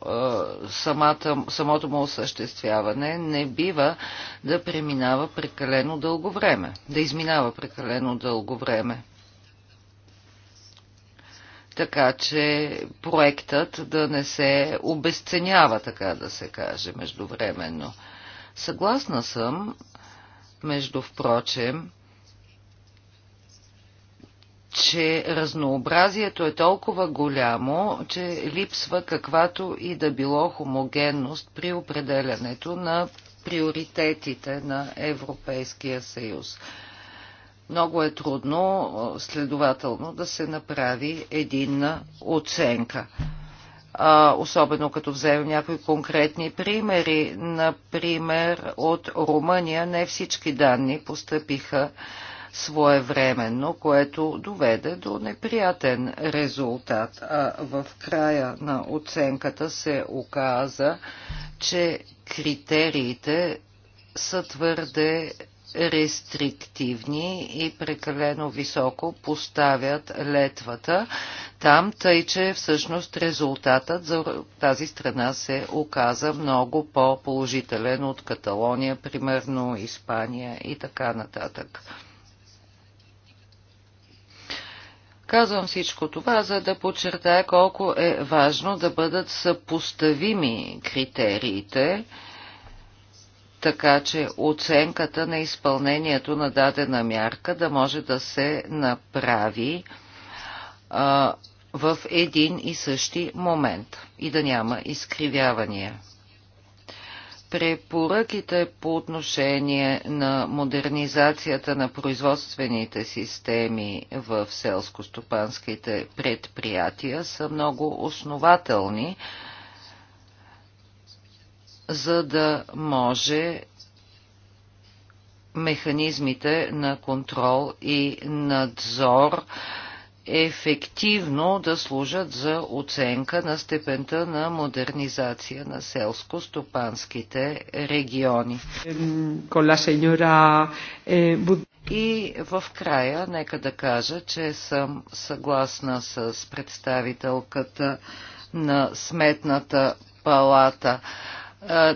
самата, самото му осъществяване не бива да преминава прекалено дълго време, да изминава прекалено дълго време. Така че проектът да не се обесценява, така да се каже, междувременно. Съгласна съм, между впрочем, че разнообразието е толкова голямо, че липсва каквато и да било хомогенност при определянето на приоритетите на Европейския съюз. Много е трудно, следователно, да се направи единна оценка. А, особено като вземем някои конкретни примери. Например, от Румъния не всички данни постъпиха своевременно, което доведе до неприятен резултат. А в края на оценката се оказа, че критериите са твърде рестриктивни и прекалено високо поставят летвата там, тъй че всъщност резултатът за тази страна се оказа много по-положителен от Каталония, примерно Испания и така нататък. Казвам всичко това, за да подчертая колко е важно да бъдат съпоставими критериите, така че оценката на изпълнението на дадена мярка да може да се направи а, в един и същи момент и да няма изкривявания препоръките по отношение на модернизацията на производствените системи в селско-стопанските предприятия са много основателни, за да може механизмите на контрол и надзор ефективно да служат за оценка на степента на модернизация на селско-стопанските региони. Eh, И в края, нека да кажа, че съм съгласна с представителката на Сметната палата е,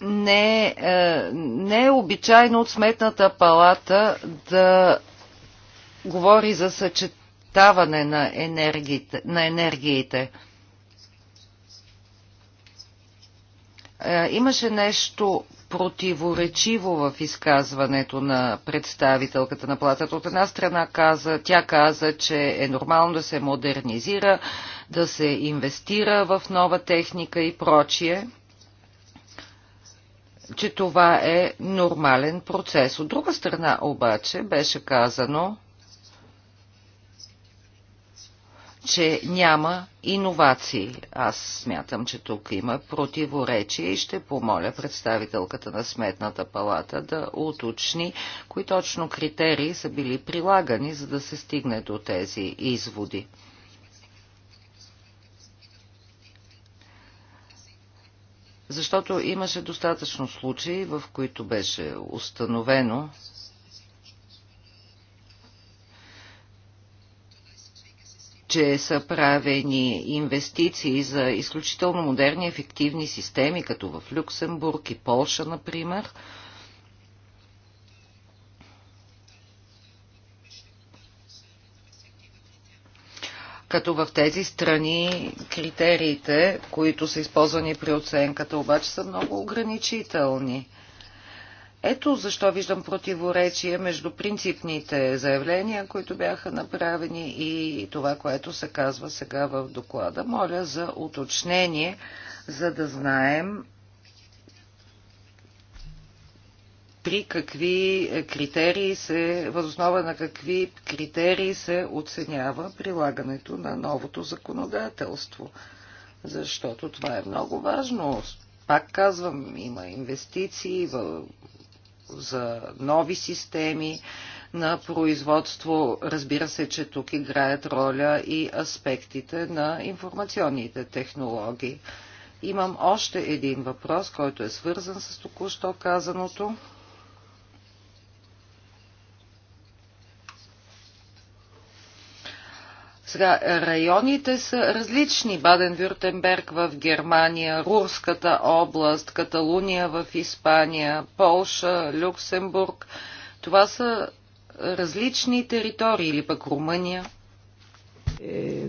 не, е, не е обичайно от сметната палата да говори за съчетаване на енергиите. На енергиите. Е, имаше нещо противоречиво в изказването на представителката на платата. От една страна каза, тя каза, че е нормално да се модернизира, да се инвестира в нова техника и прочие, че това е нормален процес. От друга страна обаче беше казано, че няма иновации. Аз смятам, че тук има противоречие и ще помоля представителката на Сметната палата да уточни, кои точно критерии са били прилагани, за да се стигне до тези изводи. Защото имаше достатъчно случаи, в които беше установено, че са правени инвестиции за изключително модерни, ефективни системи, като в Люксембург и Полша, например. като в тези страни критериите, които са използвани при оценката, обаче са много ограничителни. Ето защо виждам противоречие между принципните заявления, които бяха направени и това, което се казва сега в доклада. Моля за уточнение, за да знаем при какви критерии се, възоснова на какви критерии се оценява прилагането на новото законодателство. Защото това е много важно. Пак казвам, има инвестиции в за нови системи на производство. Разбира се, че тук играят роля и аспектите на информационните технологии. Имам още един въпрос, който е свързан с току-що казаното. Сега, районите са различни. Баден-Вюртенберг в Германия, Рурската област, Каталуния в Испания, Полша, Люксембург. Това са различни територии или пък Румъния. Е,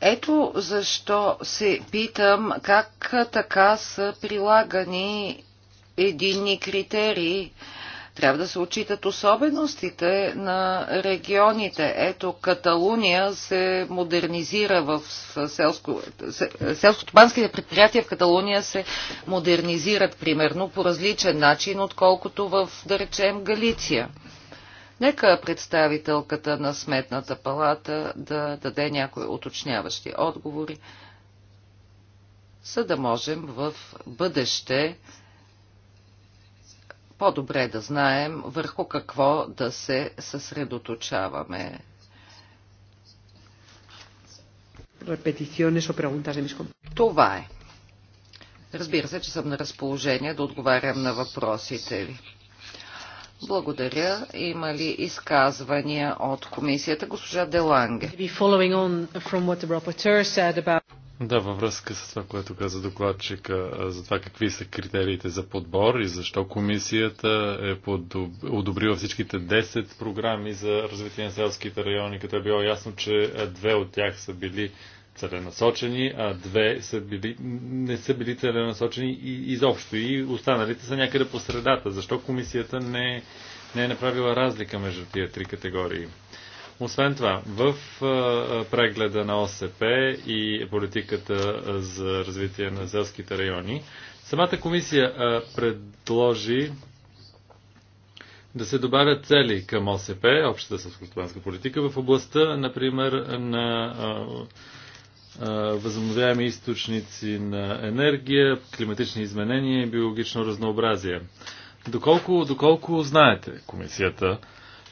Ето защо се питам как така са прилагани единни критерии трябва да се отчитат особеностите на регионите. Ето, Каталуния се модернизира в селско... селско предприятия в Каталуния се модернизират, примерно, по различен начин, отколкото в, да речем, Галиция. Нека представителката на Сметната палата да даде някои уточняващи отговори, за да можем в бъдеще по-добре да знаем върху какво да се съсредоточаваме. Това е. Разбира се, че съм на разположение да отговарям на въпросите ви. Благодаря. Има ли изказвания от комисията? Госпожа Деланге. Да, във връзка с това, което каза докладчика, за това какви са критериите за подбор и защо комисията е одобрила всичките 10 програми за развитие на селските райони, като е било ясно, че две от тях са били целенасочени, а две са били, не са били целенасочени и, изобщо. И останалите са някъде по средата. Защо комисията не, не е направила разлика между тия три категории? Освен това, в прегледа на ОСП и политиката за развитие на Зелските райони, самата комисия предложи да се добавят цели към ОСП, общата селскостопанска политика, в областта, например, на възобновяеми източници на енергия, климатични изменения и биологично разнообразие. Доколко, доколко знаете комисията,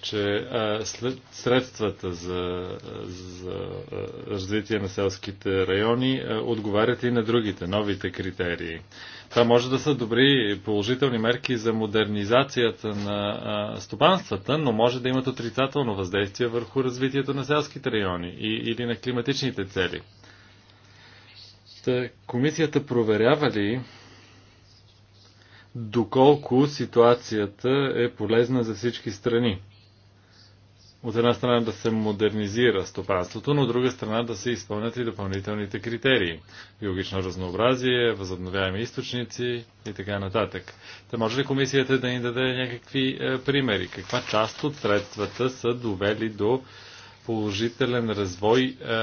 че а, след средствата за, за развитие на селските райони а, отговарят и на другите, новите критерии. Това може да са добри положителни мерки за модернизацията на а, стопанствата, но може да имат отрицателно въздействие върху развитието на селските райони и, или на климатичните цели. Та, комисията проверява ли доколко ситуацията е полезна за всички страни от една страна да се модернизира стопанството, но от друга страна да се изпълнят и допълнителните критерии. Биологично разнообразие, възобновяеми източници и така нататък. Та може ли комисията да ни даде някакви е, примери? Каква част от средствата са довели до положителен развой е, е,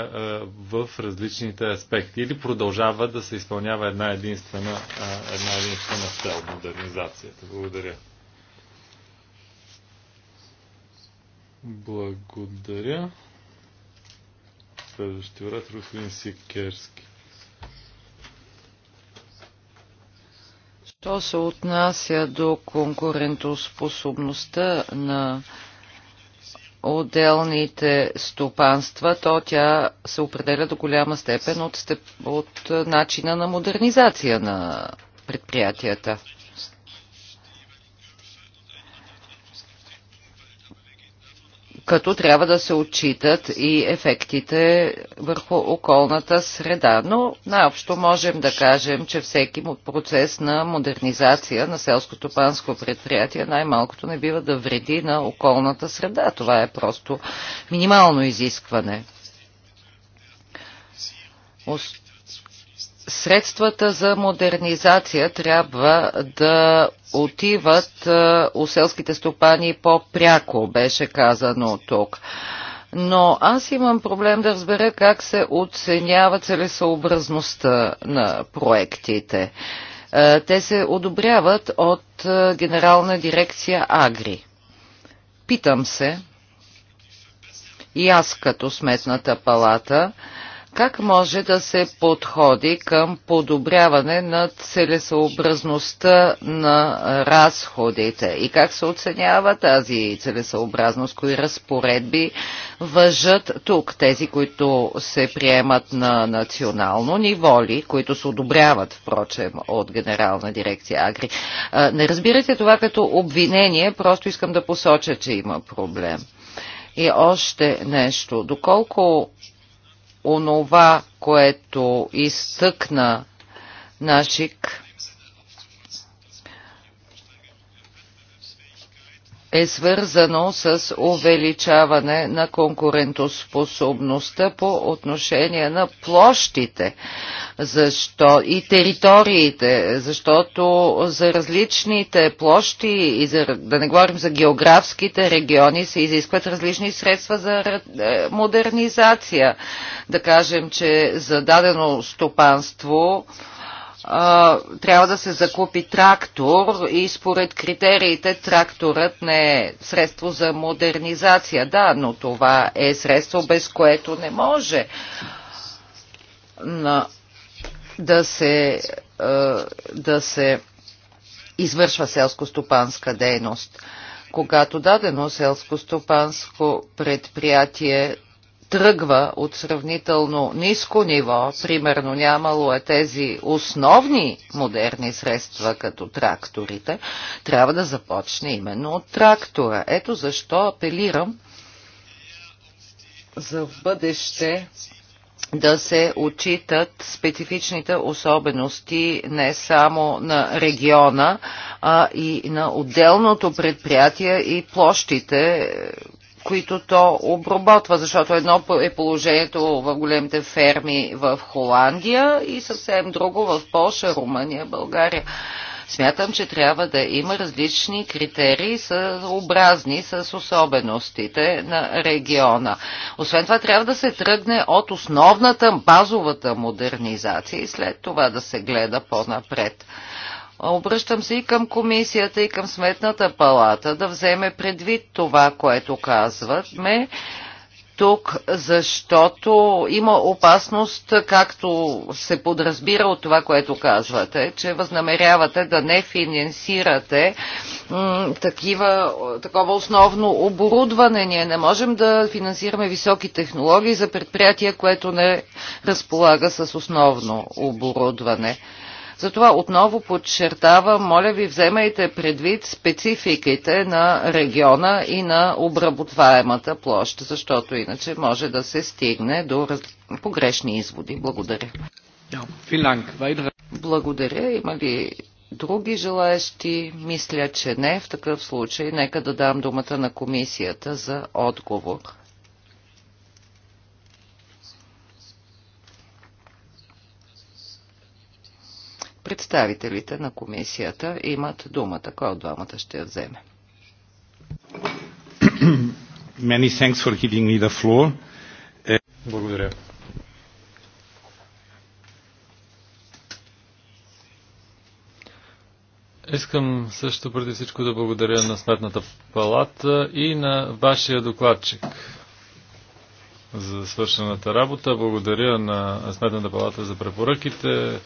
в различните аспекти или продължава да се изпълнява една единствена, е, една единствена цел модернизацията? Благодаря. Благодаря. Следващи врат, господин Сикерски. Що се отнася до конкурентоспособността на отделните стопанства, то тя се определя до голяма степен от, степ... от начина на модернизация на предприятията. като трябва да се отчитат и ефектите върху околната среда. Но най-общо можем да кажем, че всеки процес на модернизация на селското панско предприятие най-малкото не бива да вреди на околната среда. Това е просто минимално изискване средствата за модернизация трябва да отиват е, у селските стопани по-пряко, беше казано тук. Но аз имам проблем да разбера как се оценява целесообразността на проектите. Е, те се одобряват от е, Генерална дирекция Агри. Питам се, и аз като сметната палата, как може да се подходи към подобряване на целесообразността на разходите и как се оценява тази целесообразност, кои разпоредби въжат тук, тези, които се приемат на национално ниво ли, които се одобряват, впрочем, от Генерална дирекция Агри. Не разбирайте това като обвинение, просто искам да посоча, че има проблем. И още нещо. Доколко онова, което изтъкна Нашик, е свързано с увеличаване на конкурентоспособността по отношение на площите защо, и териториите, защото за различните площи и за, да не говорим за географските региони се изискват различни средства за е, модернизация. Да кажем, че за дадено стопанство трябва да се закупи трактор и според критериите тракторът не е средство за модернизация. Да, но това е средство, без което не може на, да се, да се извършва селско-стопанска дейност. Когато дадено селско-стопанско предприятие тръгва от сравнително ниско ниво, примерно нямало е тези основни модерни средства, като тракторите, трябва да започне именно от трактора. Ето защо апелирам за в бъдеще да се отчитат специфичните особености не само на региона, а и на отделното предприятие и площите, които то обработва, защото едно е положението в големите ферми в Холандия и съвсем друго в Польша, Румъния, България. Смятам, че трябва да има различни критерии, съобразни с особеностите на региона. Освен това, трябва да се тръгне от основната базовата модернизация и след това да се гледа по-напред. Обръщам се и към комисията, и към сметната палата да вземе предвид това, което казваме тук, защото има опасност, както се подразбира от това, което казвате, че възнамерявате да не финансирате такива, такова основно оборудване. Ние не можем да финансираме високи технологии за предприятия, което не разполага с основно оборудване. Затова отново подчертавам, моля ви, вземайте предвид спецификите на региона и на обработваемата площ, защото иначе може да се стигне до погрешни изводи. Благодаря. Благодаря. Има ли други желаещи? Мисля, че не. В такъв случай нека да дам думата на комисията за отговор. Представителите на комисията имат думата. Кой от двамата ще я вземе? Many thanks for giving me the floor. Е, благодаря. Искам също преди всичко да благодаря на Сметната палата и на вашия докладчик за свършената работа. Благодаря на Сметната палата за препоръките,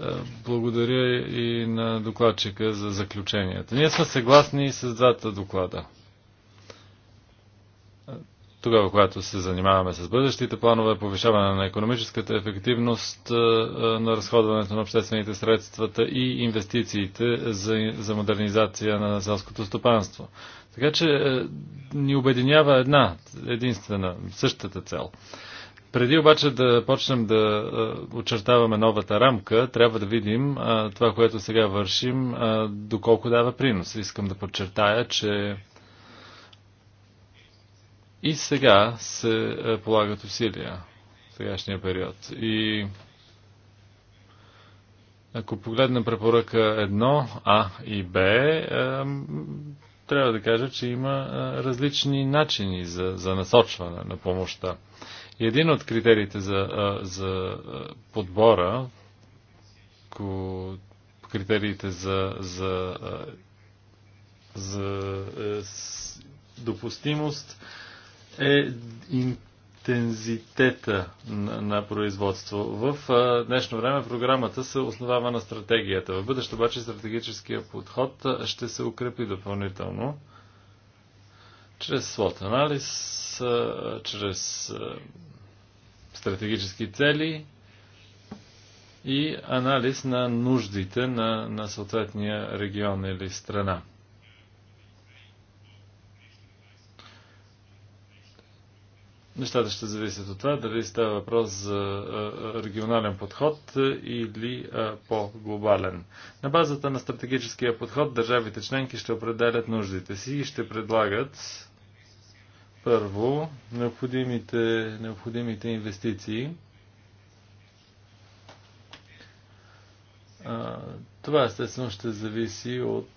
е, благодаря и на докладчика за заключенията. Ние сме съгласни с двата доклада. Е, тогава, когато се занимаваме с бъдещите планове, повишаване на економическата ефективност е, на разходването на обществените средствата и инвестициите за, за модернизация на селското стопанство. Така че ни обединява една, единствена, същата цел – преди обаче да почнем да очертаваме новата рамка, трябва да видим това, което сега вършим, доколко дава принос. Искам да подчертая, че и сега се полагат усилия в сегашния период. И ако погледнем препоръка 1, А и Б, трябва да кажа, че има различни начини за, за насочване на помощта един от критериите за, за подбора, критериите за, за, за е, допустимост е интензитета на, на производство. В днешно време програмата се основава на стратегията. В бъдеще обаче стратегическия подход ще се укрепи допълнително чрез слот анализ, чрез стратегически цели и анализ на нуждите на, на съответния регион или страна. Нещата ще зависят от това дали става въпрос за регионален подход или по-глобален. На базата на стратегическия подход държавите членки ще определят нуждите си и ще предлагат първо, необходимите, необходимите инвестиции. Това естествено ще зависи от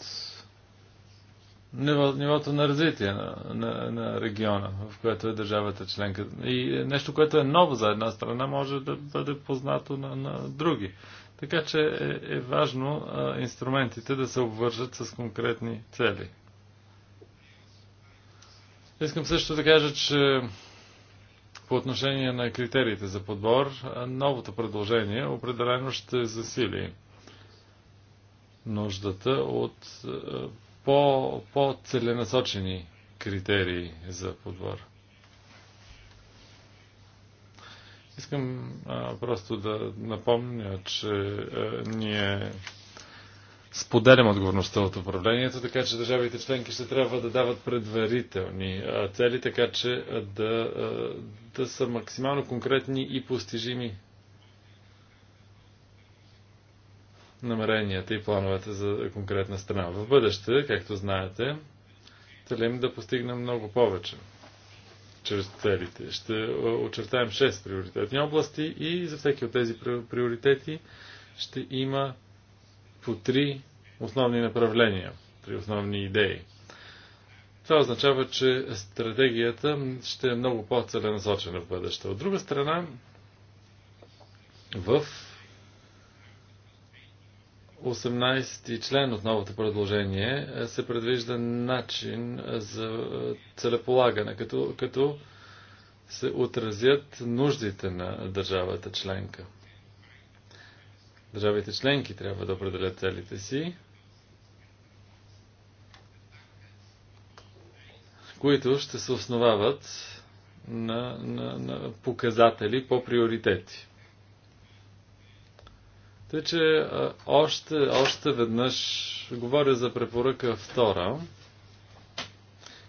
нивото на развитие на, на, на региона, в което е държавата членка. И нещо, което е ново за една страна, може да бъде познато на, на други. Така че е, е важно а, инструментите да се обвържат с конкретни цели. Искам също да кажа, че по отношение на критериите за подбор, новото предложение определено ще засили нуждата от е, по, по-целенасочени критерии за подбор. Искам а, просто да напомня, че а, е, ние споделям отговорността от управлението, така че държавите членки ще трябва да дават предварителни цели, така че да, да са максимално конкретни и постижими намеренията и плановете за конкретна страна. В бъдеще, както знаете, целим да постигнем много повече чрез целите. Ще очертаем 6 приоритетни области и за всеки от тези приоритети ще има по три основни направления, три основни идеи. Това означава, че стратегията ще е много по-целенасочена в бъдеще. От друга страна, в 18 ти член от новото предложение се предвижда начин за целеполагане, като, като се отразят нуждите на държавата членка. Държавите членки трябва да определят целите си, които ще се основават на, на, на показатели по приоритети. Тъй, че още, още веднъж говоря за препоръка втора,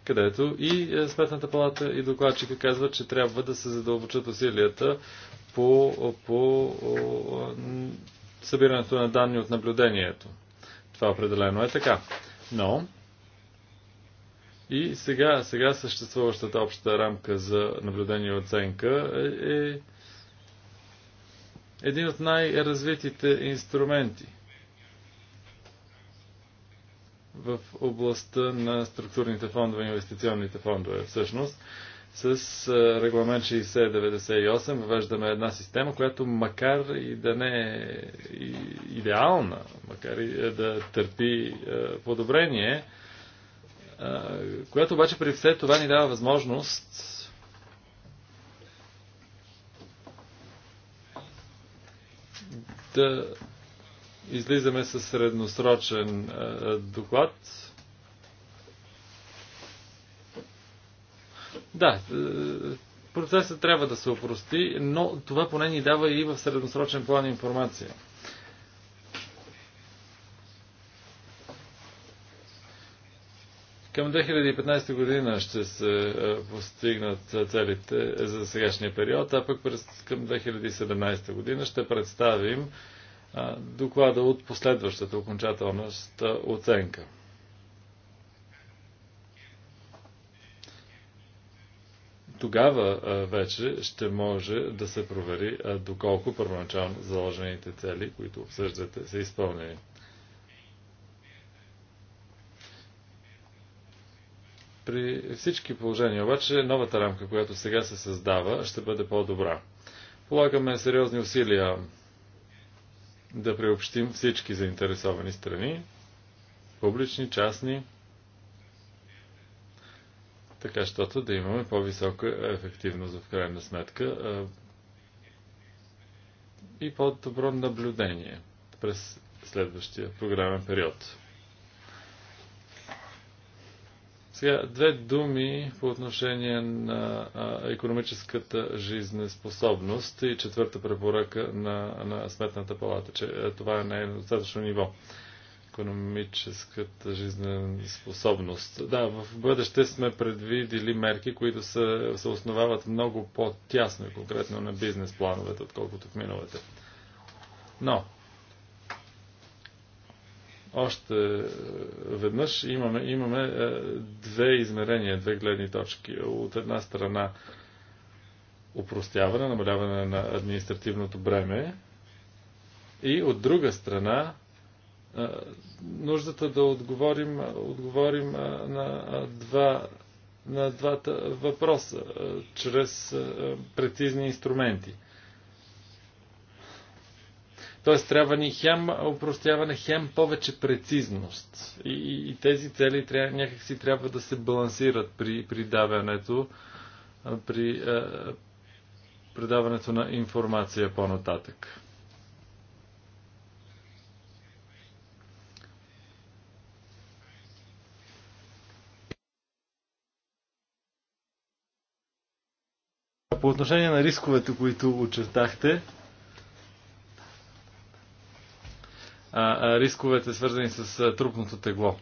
където и е, Сметната палата и докладчика казват, че трябва да се задълбочат усилията по, по събирането на данни от наблюдението. Това определено е така. Но и сега, сега съществуващата обща рамка за наблюдение и оценка е, е един от най-развитите инструменти в областта на структурните фондове и инвестиционните фондове. Всъщност, с регламент 6098 въвеждаме една система, която макар и да не е идеална, макар и е, да търпи е, подобрение, е, която обаче при все това ни дава възможност да излизаме със средносрочен доклад, Да, е, процесът трябва да се опрости, но това поне ни дава и в средносрочен план информация. Към 2015 година ще се е, постигнат целите за сегашния период, а пък през, към 2017 година ще представим е, доклада от последващата окончателност оценка. тогава вече ще може да се провери доколко първоначално заложените цели, които обсъждате, са изпълнени. При всички положения обаче новата рамка, която сега се създава, ще бъде по-добра. Полагаме сериозни усилия да приобщим всички заинтересовани страни, публични, частни, така щото да имаме по-висока ефективност в крайна сметка и по-добро наблюдение през следващия програмен период. Сега, две думи по отношение на економическата жизнеспособност и четвърта препоръка на, на Сметната палата, че е, това е на достатъчно ниво економическата жизнеспособност. Да, в бъдеще сме предвидили мерки, които са, се основават много по-тясно и конкретно на бизнес плановете, отколкото в миналите. Но, още веднъж имаме, имаме е, две измерения, две гледни точки. От една страна упростяване, намаляване на административното бреме и от друга страна нуждата да отговорим, отговорим на два на двата въпроса чрез прецизни инструменти. Тоест трябва ни хем упростяване, хем повече прецизност. И, и, и тези цели трябва, някакси трябва да се балансират при, при даването, при е, предаването на информация по-нататък. по отношение на рисковете, които очертахте, а, рисковете свързани с а, трупното тегло.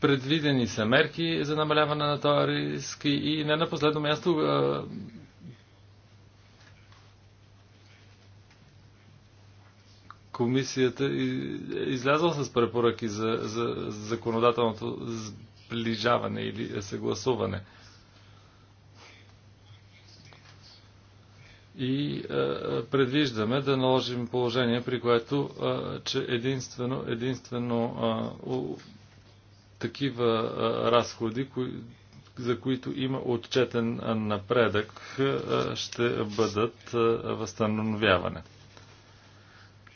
Предвидени са мерки за намаляване на този риск и не на последно място а, комисията е излязла с препоръки за, за законодателното сближаване или съгласуване. и а, е, е, предвиждаме да наложим положение, при което а, е, че единствено, единствено а, у, такива а, разходи, кои, за които има отчетен напредък, а, ще бъдат а, възстановяване.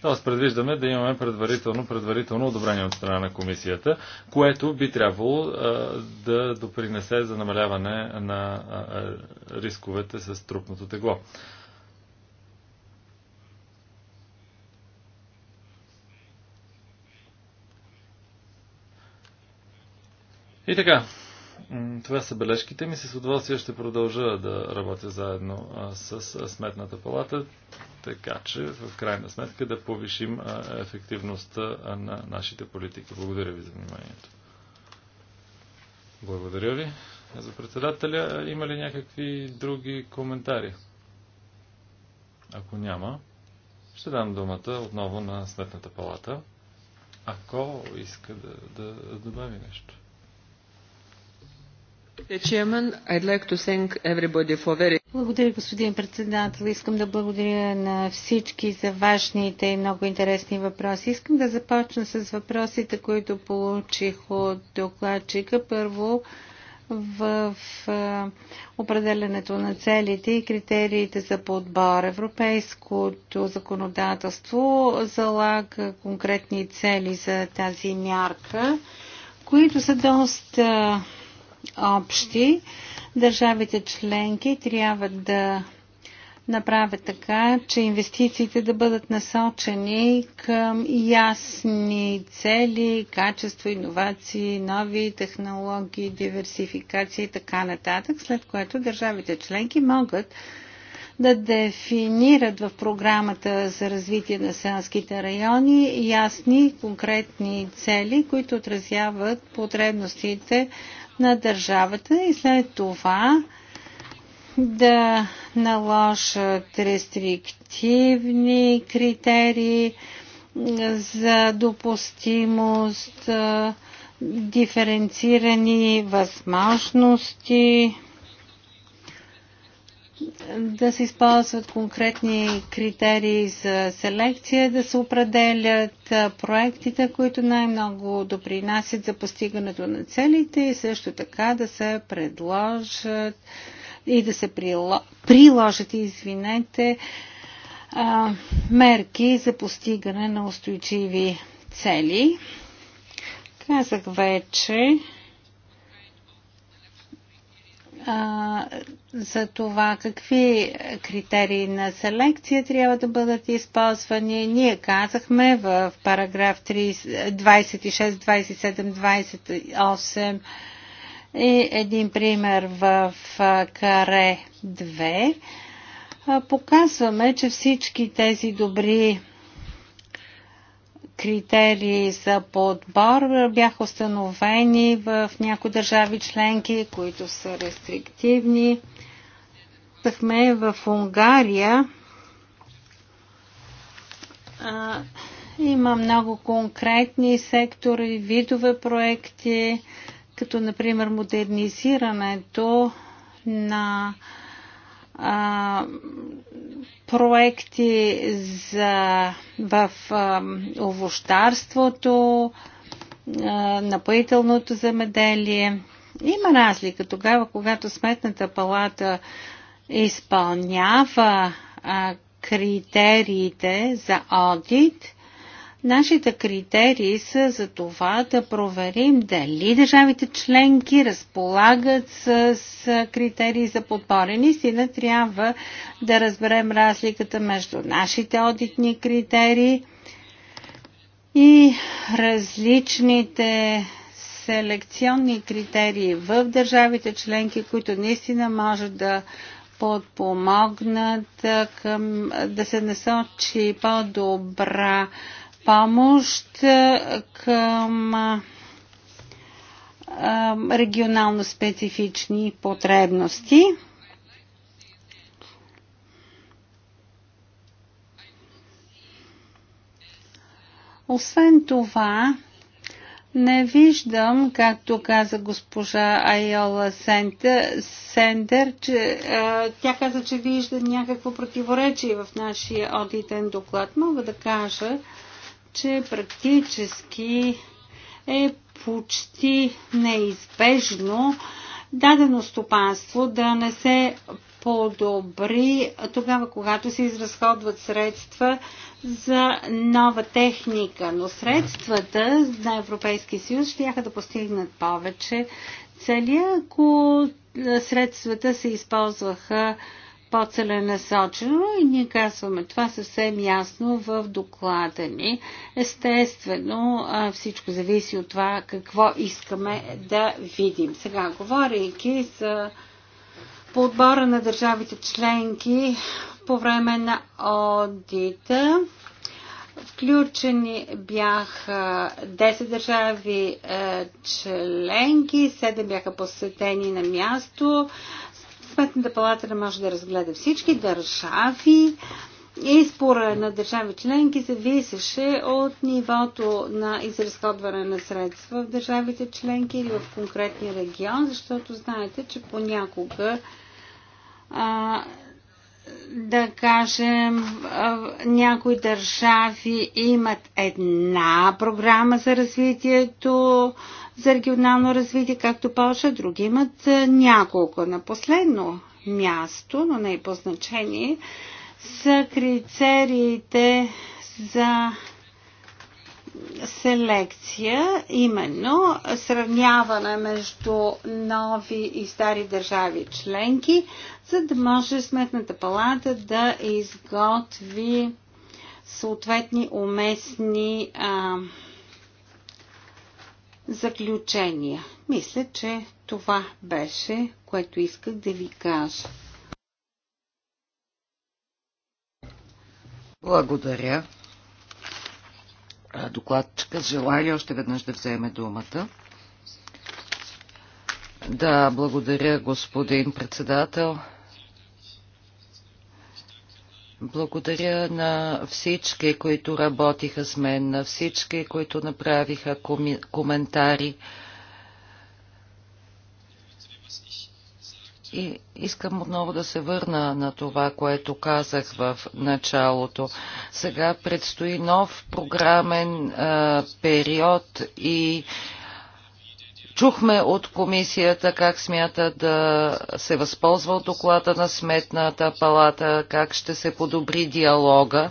Тоест предвиждаме да имаме предварително, предварително одобрение от страна на комисията, което би трябвало а, да допринесе за намаляване на а, рисковете с трупното тегло. И така, това са бележките ми. С удоволствие ще продължа да работя заедно с Сметната палата, така че в крайна сметка да повишим ефективността на нашите политики. Благодаря ви за вниманието. Благодаря ви. За председателя има ли някакви други коментари? Ако няма, ще дам думата отново на Сметната палата, ако иска да, да, да добави нещо. Благодаря, господин председател. Искам да благодаря на всички за важните и много интересни въпроси. Искам да започна с въпросите, които получих от докладчика. Първо, в определенето на целите и критериите за подбор. Европейското законодателство залага конкретни цели за тази мярка, които са доста общи. Държавите членки трябва да направят така, че инвестициите да бъдат насочени към ясни цели, качество, иновации, нови технологии, диверсификация и така нататък, след което държавите членки могат да дефинират в програмата за развитие на селските райони ясни, конкретни цели, които отразяват потребностите на държавата и след това да наложат рестриктивни критерии за допустимост, диференцирани възможности да се използват конкретни критерии за селекция, да се определят проектите, които най-много допринасят за постигането на целите и също така да се предложат и да се приложат, извинете, мерки за постигане на устойчиви цели. Казах вече, за това какви критерии на селекция трябва да бъдат използвани. Ние казахме в параграф 26, 27, 28 и един пример в каре 2. Показваме, че всички тези добри критерии за подбор бяха установени в някои държави членки, които са рестриктивни. Тъхме в Унгария. А, има много конкретни сектори, видове проекти, като например модернизирането на а, проекти за, в а, овощарството, а, напоителното земеделие. Има разлика тогава, когато Сметната палата изпълнява а, критериите за одит – Нашите критерии са за това да проверим дали държавите членки разполагат с, с критерии за подбор. И наистина трябва да разберем разликата между нашите одитни критерии и различните селекционни критерии в държавите членки, които наистина може да подпомогнат към, да се насочи по-добра помощ към регионално специфични потребности. Освен това, не виждам, както каза госпожа Айола Сендер, че а, тя каза, че вижда някакво противоречие в нашия одитен доклад. Мога да кажа, че практически е почти неизбежно дадено стопанство да не се подобри тогава, когато се изразходват средства за нова техника. Но средствата на Европейския съюз ще да постигнат повече цели, ако средствата се използваха по-целенасочено и ние казваме това съвсем ясно в доклада ни. Естествено, всичко зависи от това какво искаме да видим. Сега, говорейки за подбора на държавите членки по време на одита, Включени бяха 10 държави е, членки, 7 бяха посетени на място, Сметната палата не може да разгледа всички държави. и спора на държави членки зависеше от нивото на изразходване на средства в държавите членки или в конкретния регион, защото знаете, че понякога а, да кажем, някои държави имат една програма за развитието, за регионално развитие, както Польша, други имат е, няколко. На последно място, но не и по значение, са критериите за селекция, именно сравняване между нови и стари държави членки, за да може Сметната палата да изготви съответни уместни а, заключения. Мисля, че това беше, което исках да ви кажа. Благодаря. Докладчика желая ли още веднъж да вземе думата? Да, благодаря, господин председател. Благодаря на всички, които работиха с мен, на всички, които направиха коментари. И искам отново да се върна на това, което казах в началото. Сега предстои нов програмен а, период и а, Чухме от комисията как смята да се възползва от доклада на Сметната палата, как ще се подобри диалога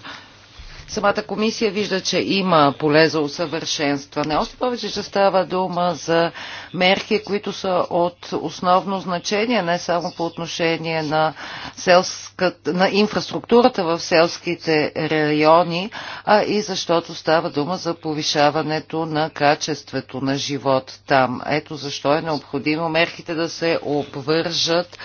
Самата комисия вижда, че има поле за усъвършенстване. Още повече, че става дума за мерки, които са от основно значение, не само по отношение на, селска, на инфраструктурата в селските райони, а и защото става дума за повишаването на качеството на живот там. Ето защо е необходимо мерките да се обвържат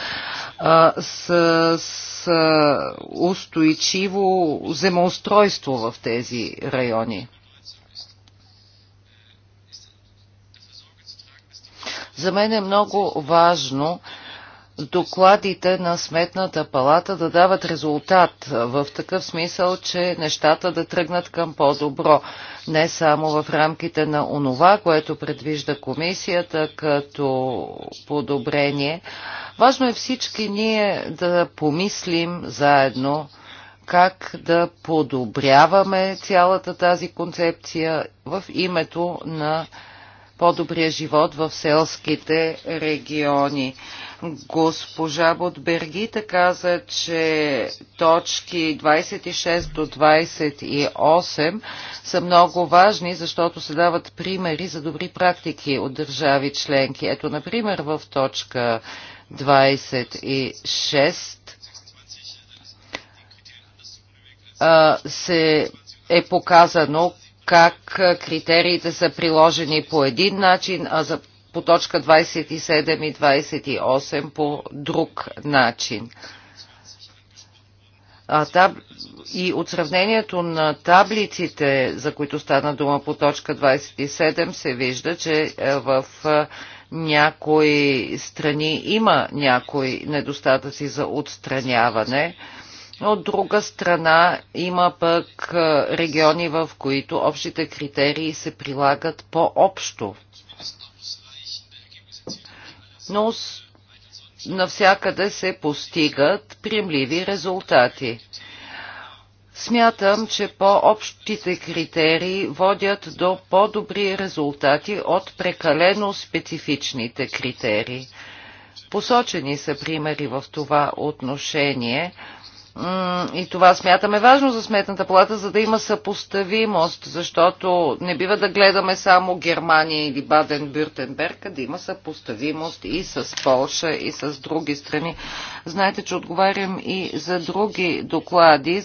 а, с устойчиво земоустройство в тези райони. За мен е много важно докладите на Сметната палата да дават резултат в такъв смисъл, че нещата да тръгнат към по-добро. Не само в рамките на онова, което предвижда комисията като подобрение. Важно е всички ние да помислим заедно как да подобряваме цялата тази концепция в името на по-добрия живот в селските региони. Госпожа Бодбергита каза, че точки 26 до 28 са много важни, защото се дават примери за добри практики от държави членки. Ето, например, в точка 26 се е показано как критериите са приложени по един начин, а за, по точка 27 и 28 по друг начин. А, таб... И от сравнението на таблиците, за които стана дума по точка 27, се вижда, че е, в някои страни има някои недостатъци за отстраняване от друга страна има пък региони, в които общите критерии се прилагат по-общо. Но навсякъде се постигат приемливи резултати. Смятам, че по-общите критерии водят до по-добри резултати от прекалено специфичните критерии. Посочени са примери в това отношение – и това смятаме важно за Сметната палата, за да има съпоставимост, защото не бива да гледаме само Германия или Баден-Бюртенберг, а да има съпоставимост и с Польша, и с други страни. Знаете, че отговарям и за други доклади,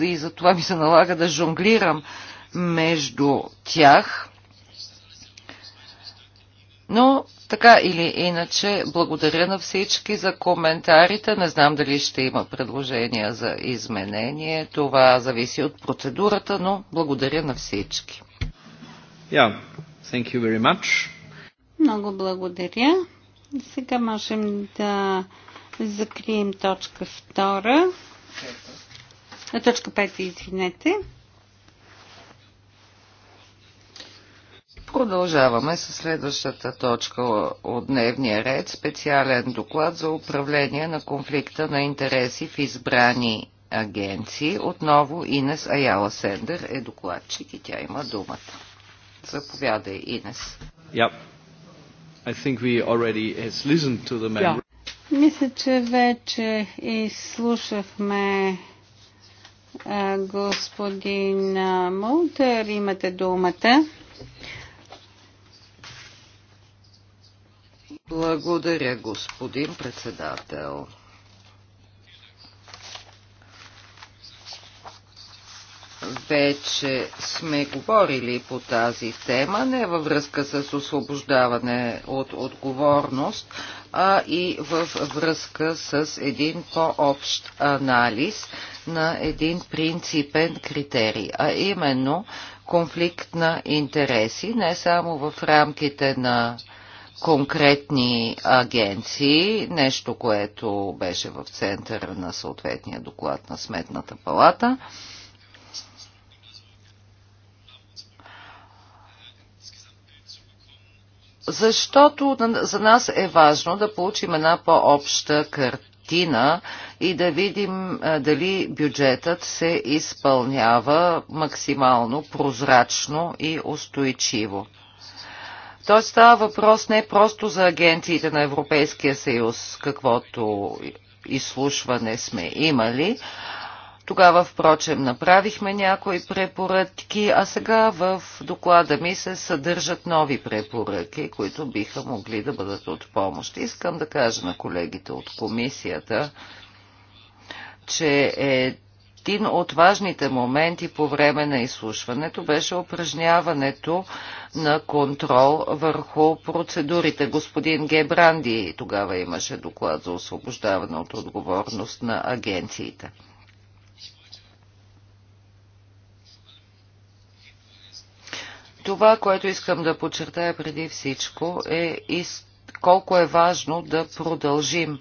и за това ми се налага да жонглирам между тях. Но така или иначе, благодаря на всички за коментарите. Не знам дали ще има предложения за изменение. Това зависи от процедурата, но благодаря на всички. Yeah. Thank you very much. Много благодаря. Сега можем да закрием точка 2. Точка 5, извинете. Продължаваме с следващата точка от дневния ред. Специален доклад за управление на конфликта на интереси в избрани агенции. Отново Инес Аяла Сендер е докладчик и тя има думата. Заповядай, Инес. Yeah. Мисля, че вече изслушахме господин Мултер. Имате думата. Благодаря, господин председател. вече сме говорили по тази тема, не във връзка с освобождаване от отговорност, а и във връзка с един по-общ анализ на един принципен критерий, а именно конфликт на интереси, не само в рамките на конкретни агенции, нещо, което беше в центъра на съответния доклад на Сметната палата. Защото за нас е важно да получим една по-обща картина и да видим дали бюджетът се изпълнява максимално прозрачно и устойчиво. Той става въпрос не просто за агенциите на Европейския съюз, каквото изслушване сме имали. Тогава, впрочем, направихме някои препоръки, а сега в доклада ми се съдържат нови препоръки, които биха могли да бъдат от помощ. Искам да кажа на колегите от комисията, че е един от важните моменти по време на изслушването беше упражняването на контрол върху процедурите. Господин Гебранди тогава имаше доклад за освобождаване от отговорност на агенциите. Това, което искам да подчертая преди всичко е колко е важно да продължим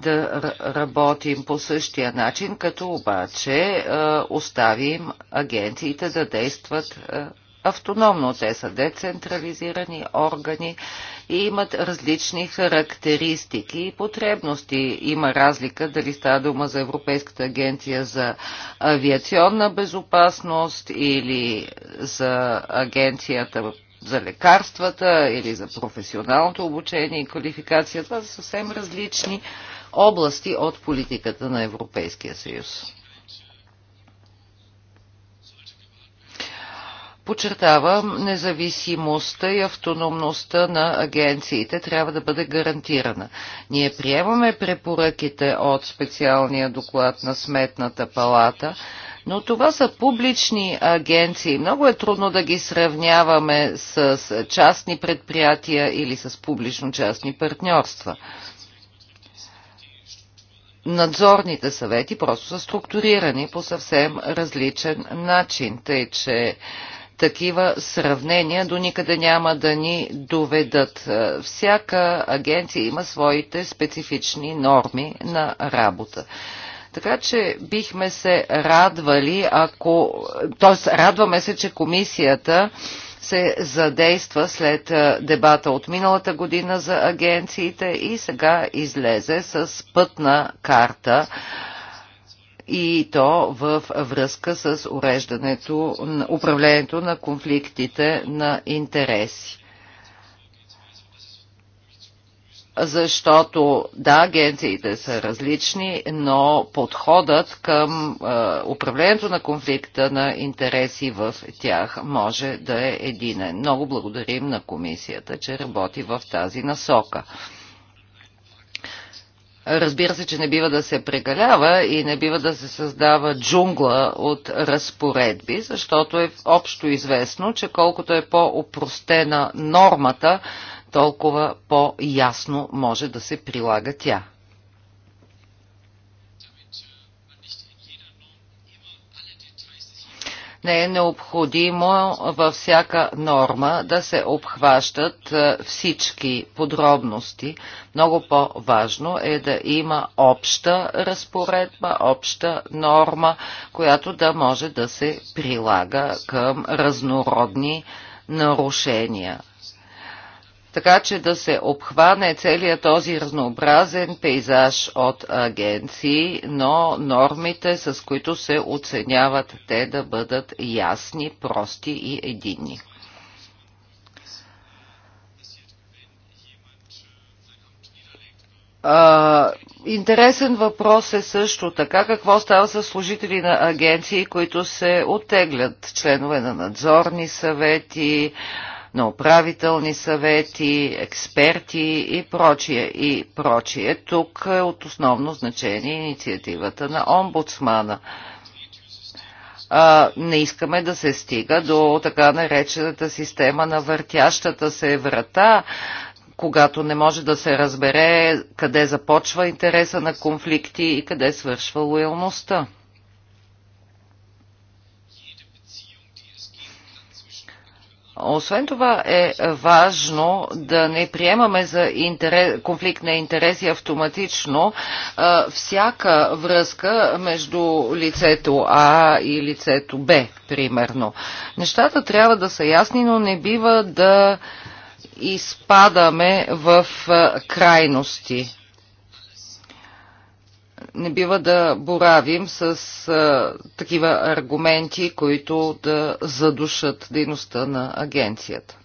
да работим по същия начин, като обаче е, оставим агенциите да действат е, автономно. Те са децентрализирани органи и имат различни характеристики и потребности. Има разлика дали става дума за Европейската агенция за авиационна безопасност или за агенцията за лекарствата или за професионалното обучение и квалификация. Това са съвсем различни области от политиката на Европейския съюз. Подчертавам, независимостта и автономността на агенциите трябва да бъде гарантирана. Ние приемаме препоръките от специалния доклад на Сметната палата, но това са публични агенции. Много е трудно да ги сравняваме с частни предприятия или с публично-частни партньорства надзорните съвети просто са структурирани по съвсем различен начин, тъй че такива сравнения до никъде няма да ни доведат. Е, всяка агенция има своите специфични норми на работа. Така че бихме се радвали, ако... Тоест, радваме се, че комисията се задейства след дебата от миналата година за агенциите и сега излезе с пътна карта и то в връзка с уреждането, управлението на конфликтите на интереси. защото да, агенциите са различни, но подходът към е, управлението на конфликта на интереси в тях може да е единен. Много благодарим на комисията, че работи в тази насока. Разбира се, че не бива да се прегалява и не бива да се създава джунгла от разпоредби, защото е общо известно, че колкото е по-опростена нормата, толкова по-ясно може да се прилага тя. не е необходимо във всяка норма да се обхващат е, всички подробности. Много по-важно е да има обща разпоредба, обща норма, която да може да се прилага към разнородни нарушения така че да се обхване целият този разнообразен пейзаж от агенции, но нормите, с които се оценяват те да бъдат ясни, прости и единни. А, интересен въпрос е също така какво става с служители на агенции, които се оттеглят, членове на надзорни съвети, а, на управителни съвети, експерти и прочие и прочие. Тук е от основно значение инициативата на омбудсмана. А, не искаме да се стига до така наречената система на въртящата се врата, когато не може да се разбере къде започва интереса на конфликти и къде свършва лоялността. Освен това е важно да не приемаме за интерес, конфликт на интереси автоматично всяка връзка между лицето А и лицето Б, примерно. Нещата трябва да са ясни, но не бива да изпадаме в крайности не бива да боравим с а, такива аргументи, които да задушат дейността на агенцията.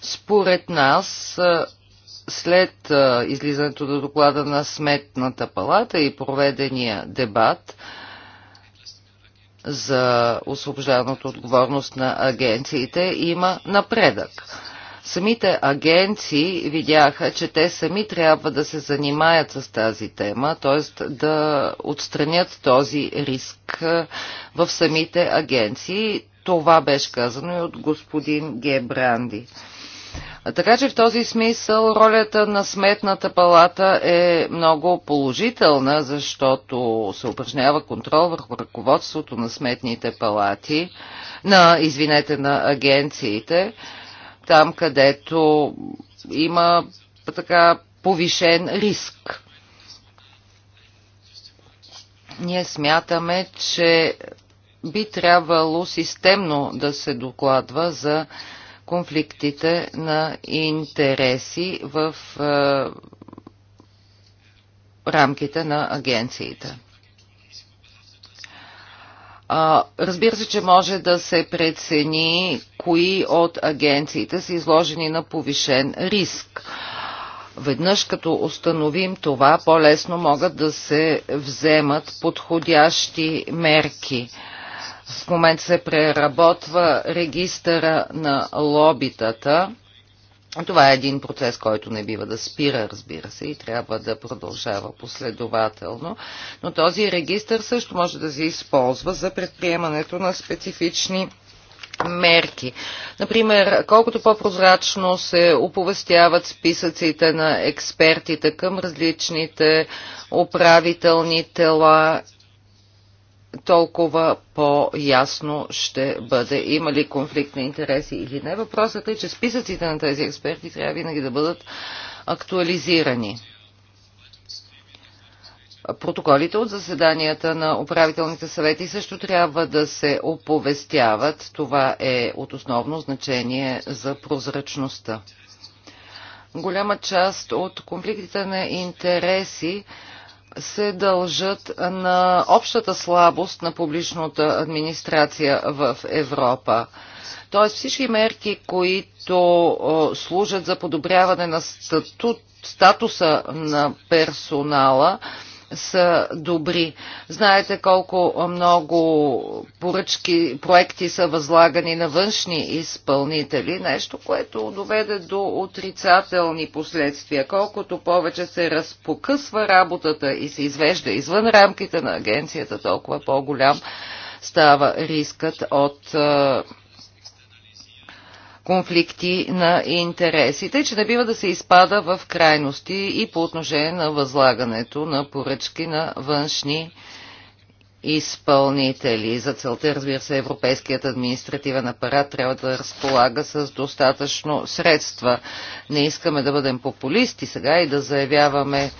Според нас, след излизането до доклада на Сметната палата и проведения дебат за освобождаването отговорност на агенциите, има напредък Самите агенции видяха, че те сами трябва да се занимаят с тази тема, т.е. да отстранят този риск в самите агенции. Това беше казано и от господин Гебранди. Така че в този смисъл ролята на Сметната палата е много положителна, защото се упражнява контрол върху ръководството на сметните палати, на, извинете, на агенциите там където има така повишен риск. Ние смятаме, че би трябвало системно да се докладва за конфликтите на интереси в е, рамките на агенциите. А, разбира се, че може да се прецени кои от агенциите са изложени на повишен риск. Веднъж като установим това, по-лесно могат да се вземат подходящи мерки. В момента се преработва регистъра на лобитата това е един процес, който не бива да спира, разбира се, и трябва да продължава последователно. Но този регистр също може да се използва за предприемането на специфични мерки. Например, колкото по-прозрачно се оповестяват списъците на експертите към различните управителни тела толкова по-ясно ще бъде има ли конфликт на интереси или не. Въпросът е, че списъците на тези експерти трябва винаги да бъдат актуализирани. Протоколите от заседанията на управителните съвети също трябва да се оповестяват. Това е от основно значение за прозрачността. Голяма част от конфликтите на интереси се дължат на общата слабост на публичната администрация в Европа. Тоест всички мерки, които служат за подобряване на статут, статуса на персонала, са добри. Знаете колко много поръчки, проекти са възлагани на външни изпълнители, нещо, което доведе до отрицателни последствия. Колкото повече се разпокъсва работата и се извежда извън рамките на агенцията, толкова по-голям става рискът от е, конфликти на интересите че не бива да се изпада в крайности и по отношение на възлагането на поръчки на външни изпълнители. За целта, разбира се, Европейският административен апарат трябва да разполага с достатъчно средства. Не искаме да бъдем популисти сега и да заявяваме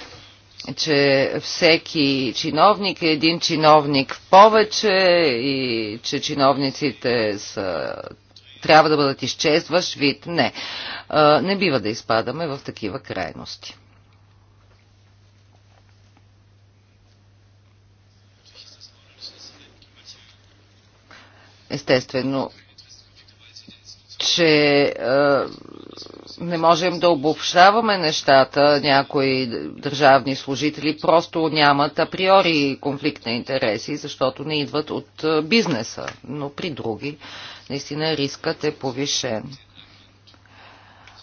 че всеки чиновник е един чиновник в повече и че чиновниците са трябва да бъдат изчезваш, вид. Не. Не бива да изпадаме в такива крайности. Естествено, че е, не можем да обобщаваме нещата. Някои държавни служители просто нямат априори конфликт на интереси, защото не идват от е, бизнеса, но при други наистина рискът е повишен.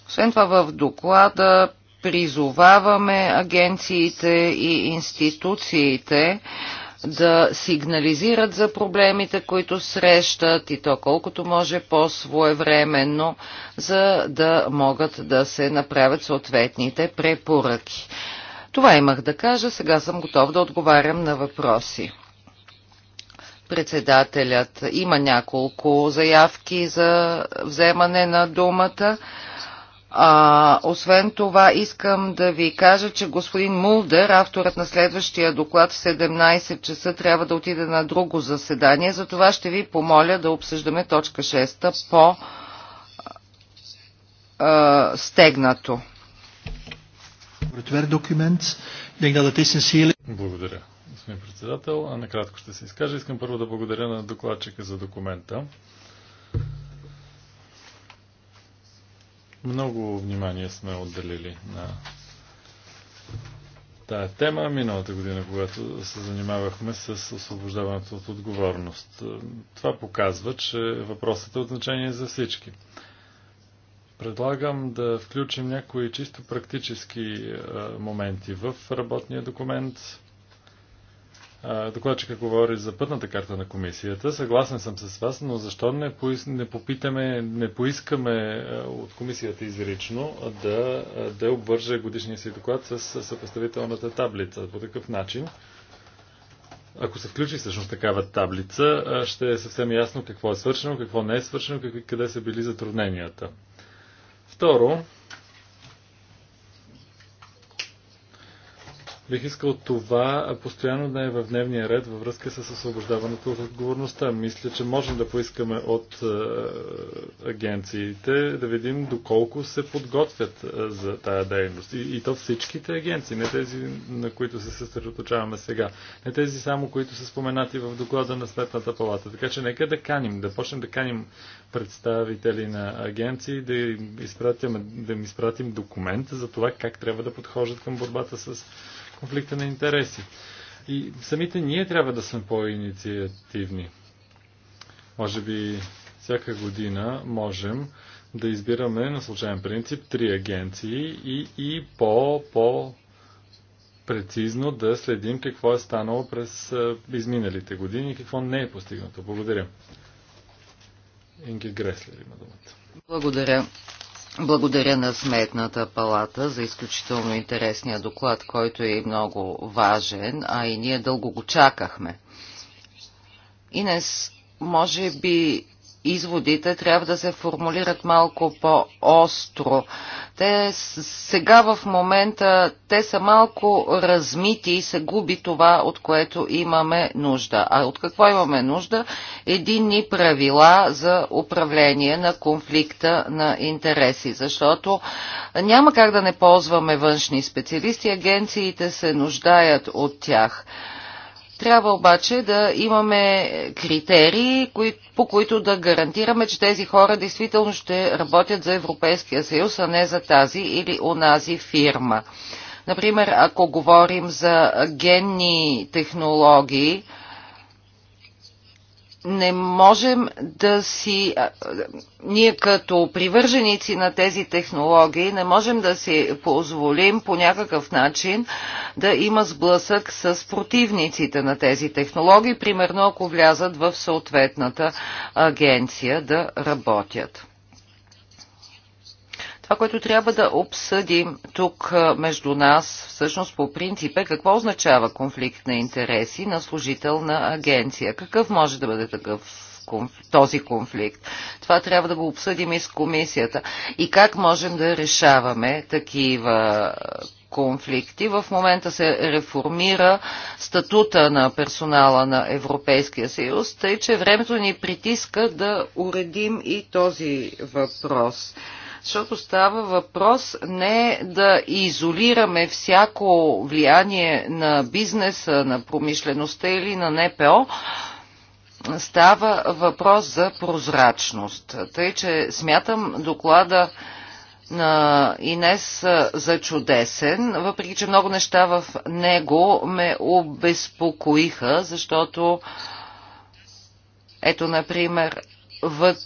Освен това в доклада призоваваме агенциите и институциите да сигнализират за проблемите, които срещат и то колкото може по-своевременно, за да могат да се направят съответните препоръки. Това имах да кажа, сега съм готов да отговарям на въпроси. Председателят има няколко заявки за вземане на думата. А, освен това, искам да ви кажа, че господин Мулдер, авторът на следващия доклад в 17 часа, трябва да отиде на друго заседание. За това ще ви помоля да обсъждаме точка 6 по а, стегнато. Благодаря, господин председател. а Накратко ще се изкажа. Искам първо да благодаря на докладчика за документа. Много внимание сме отделили на тая тема миналата година, когато се занимавахме с освобождаването от отговорност. Това показва, че въпросът е от значение за всички. Предлагам да включим някои чисто практически моменти в работния документ, докладчика говори за пътната карта на комисията. Съгласен съм с вас, но защо не, поис... не попитаме, не поискаме от комисията изрично да, да обвърже годишния си доклад с съпоставителната таблица. По такъв начин, ако се включи всъщност такава таблица, ще е съвсем ясно какво е свършено, какво не е свършено, къде са били затрудненията. Второ, Бих искал това постоянно да е в дневния ред във връзка с освобождаването от отговорността. Мисля, че можем да поискаме от е, агенциите да видим доколко се подготвят е, за тая дейност. И, и то всичките агенции, не тези, на които се съсредоточаваме сега. Не тези само, които са споменати в доклада на Светната палата. Така че нека да каним, да почнем да каним представители на агенции, да им изпратим, да им изпратим документ за това как трябва да подхождат към борбата с конфликта на интереси. И самите ние трябва да сме по-инициативни. Може би всяка година можем да избираме на случайен принцип три агенции и, и по, по прецизно да следим какво е станало през изминалите години и какво не е постигнато. Благодаря. Инги Греслер има думата. Благодаря. Благодаря на Сметната палата за изключително интересния доклад, който е много важен, а и ние дълго го чакахме. Инес, може би изводите трябва да се формулират малко по-остро. Те сега в момента те са малко размити и се губи това, от което имаме нужда. А от какво имаме нужда? Единни правила за управление на конфликта на интереси, защото няма как да не ползваме външни специалисти, агенциите се нуждаят от тях. Трябва обаче да имаме критерии, по които да гарантираме, че тези хора действително ще работят за Европейския съюз, а не за тази или онази фирма. Например, ако говорим за генни технологии, не можем да си, ние като привърженици на тези технологии, не можем да си позволим по някакъв начин да има сблъсък с противниците на тези технологии, примерно ако влязат в съответната агенция да работят. Това, което трябва да обсъдим тук между нас, всъщност по принцип е какво означава конфликт на интереси на служител на агенция. Какъв може да бъде такъв този конфликт. Това трябва да го обсъдим и с комисията. И как можем да решаваме такива конфликти. В момента се реформира статута на персонала на Европейския съюз, тъй че времето ни притиска да уредим и този въпрос защото става въпрос не да изолираме всяко влияние на бизнеса, на промишлеността или на НПО, става въпрос за прозрачност. Тъй, че смятам доклада на Инес за чудесен, въпреки че много неща в него ме обезпокоиха, защото ето, например, вътре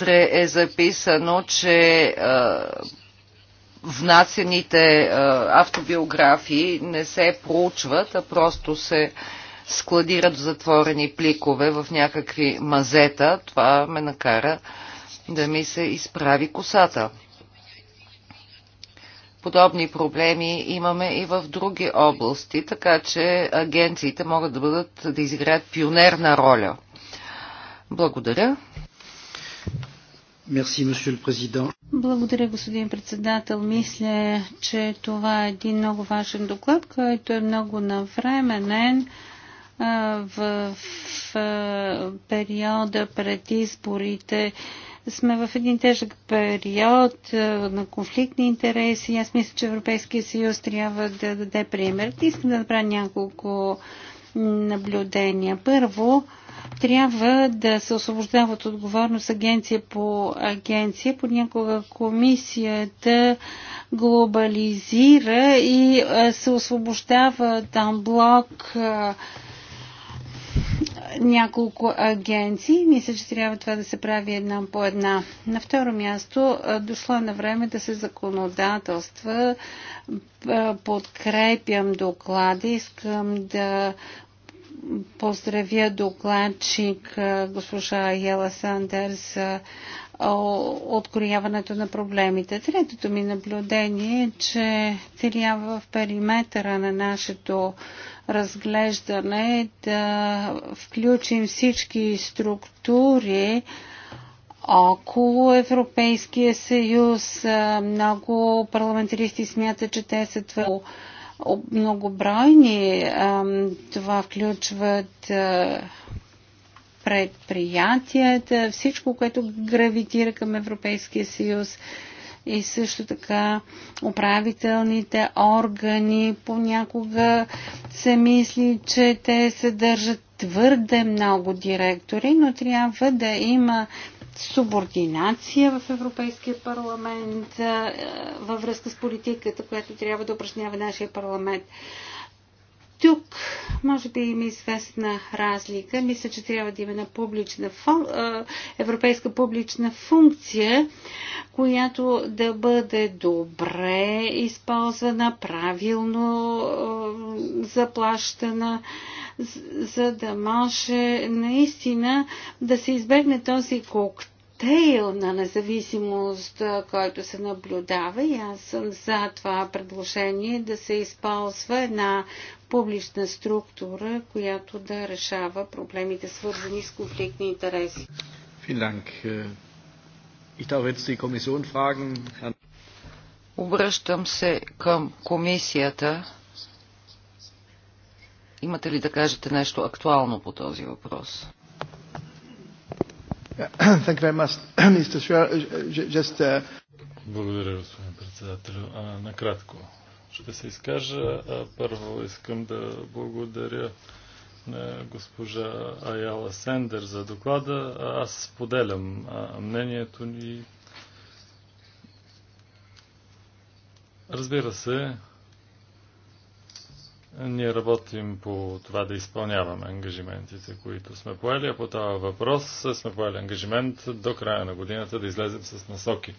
вътре е записано, че внасените автобиографии не се проучват, а просто се складират в затворени пликове в някакви мазета. Това ме накара да ми се изправи косата. Подобни проблеми имаме и в други области, така че агенциите могат да бъдат да изиграят пионерна роля. Благодаря. Благодаря, господин председател. Мисля, че това е един много важен доклад, който е много навременен в, в периода пред изборите. Сме в един тежък период на конфликтни интереси. Аз мисля, че Европейския съюз трябва да даде пример. Искам да направя няколко наблюдения. Първо, трябва да се освобождава от отговорност агенция по агенция. Понякога комисията глобализира и се освобождава там блок няколко агенции. Мисля, че трябва това да се прави една по една. На второ място, дошло е на време да се законодателства. Подкрепям доклада. Искам да поздравя докладчик госпожа Ела Сандерс открояването на проблемите. Третото ми наблюдение е, че трябва в периметъра на нашето разглеждане да включим всички структури около Европейския съюз. Много парламентаристи смятат, че те са твърде многобройни. Това включват предприятията, всичко, което гравитира към Европейския съюз и също така управителните органи понякога се мисли, че те съдържат твърде много директори, но трябва да има субординация в Европейския парламент във връзка с политиката, която трябва да упражнява нашия парламент. Тук може би има известна разлика. Мисля, че трябва да има една публична европейска публична функция, която да бъде добре използвана, правилно заплащана, за да може наистина да се избегне този коктейл коктейл на независимост, който се наблюдава и аз съм за това предложение да се използва една публична структура, която да решава проблемите, свързани с конфликтни интереси. Обръщам се към комисията. Имате ли да кажете нещо актуално по този въпрос? Uh, uh, uh, Благодаря, господин председател. накратко ще се изкажа. Първо искам да благодаря на госпожа Аяла Сендер за доклада. Аз споделям мнението ни. Разбира се, ние работим по това да изпълняваме ангажиментите, които сме поели, а по това въпрос сме поели ангажимент до края на годината да излезем с насоки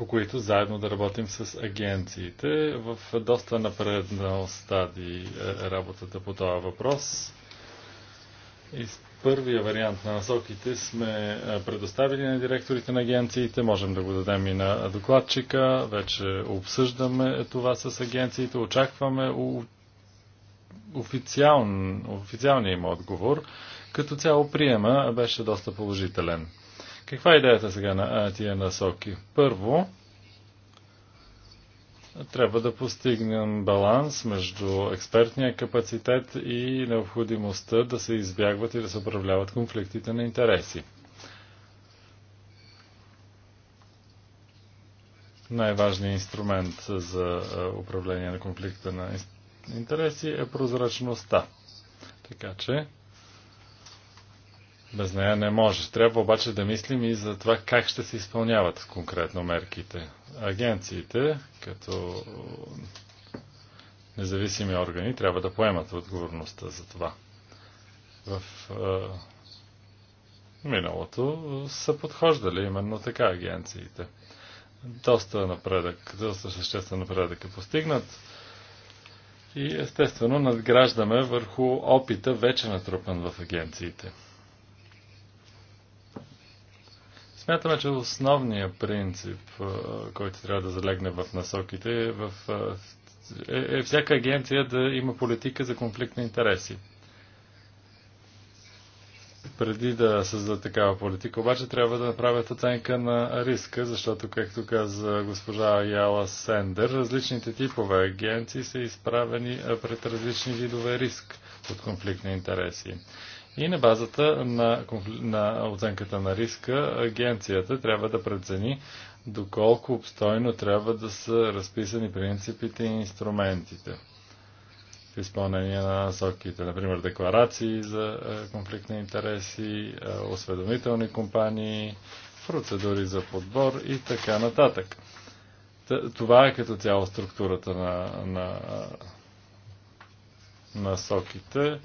по които заедно да работим с агенциите. В доста напреднал стадий е, работата по този въпрос. И първия вариант на насоките сме е, предоставили на директорите на агенциите, можем да го дадем и на докладчика, вече обсъждаме това с агенциите, очакваме официалния им отговор. Като цяло приема беше доста положителен. Каква е идеята сега на тия насоки? Първо, трябва да постигнем баланс между експертния капацитет и необходимостта да се избягват и да се управляват конфликтите на интереси. Най-важният инструмент за управление на конфликта на интереси е прозрачността. Така че без нея не може. Трябва обаче да мислим и за това как ще се изпълняват конкретно мерките. Агенциите, като независими органи, трябва да поемат отговорността за това. В е, миналото са подхождали именно така агенциите. Доста напредък, доста съществен напредък е постигнат. И естествено надграждаме върху опита вече натрупан в агенциите. Смятаме, че основният принцип, който трябва да залегне в насоките, е, в, е, е всяка агенция да има политика за конфликт на интереси. Преди да създадат такава политика, обаче трябва да направят оценка на риска, защото, както каза госпожа Яла Сендер, различните типове агенции са изправени пред различни видове риск от конфликт на интереси. И на базата на, на оценката на риска, агенцията трябва да прецени доколко обстойно трябва да са разписани принципите и инструментите в изпълнение на насоките. Например, декларации за е, конфликт на интереси, е, осведомителни компании, процедури за подбор и така нататък. Това е като цяло структурата на, на е, насоките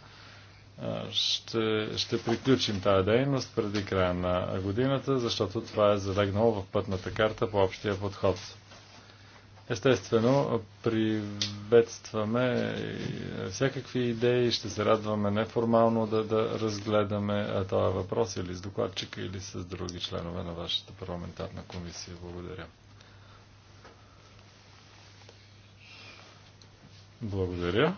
ще, ще приключим тази дейност преди края на годината, защото това е залегнало в пътната карта по общия подход. Естествено, приветстваме всякакви идеи, ще се радваме неформално да, да разгледаме този въпрос или с докладчика, или с други членове на вашата парламентарна комисия. Благодаря. Благодаря.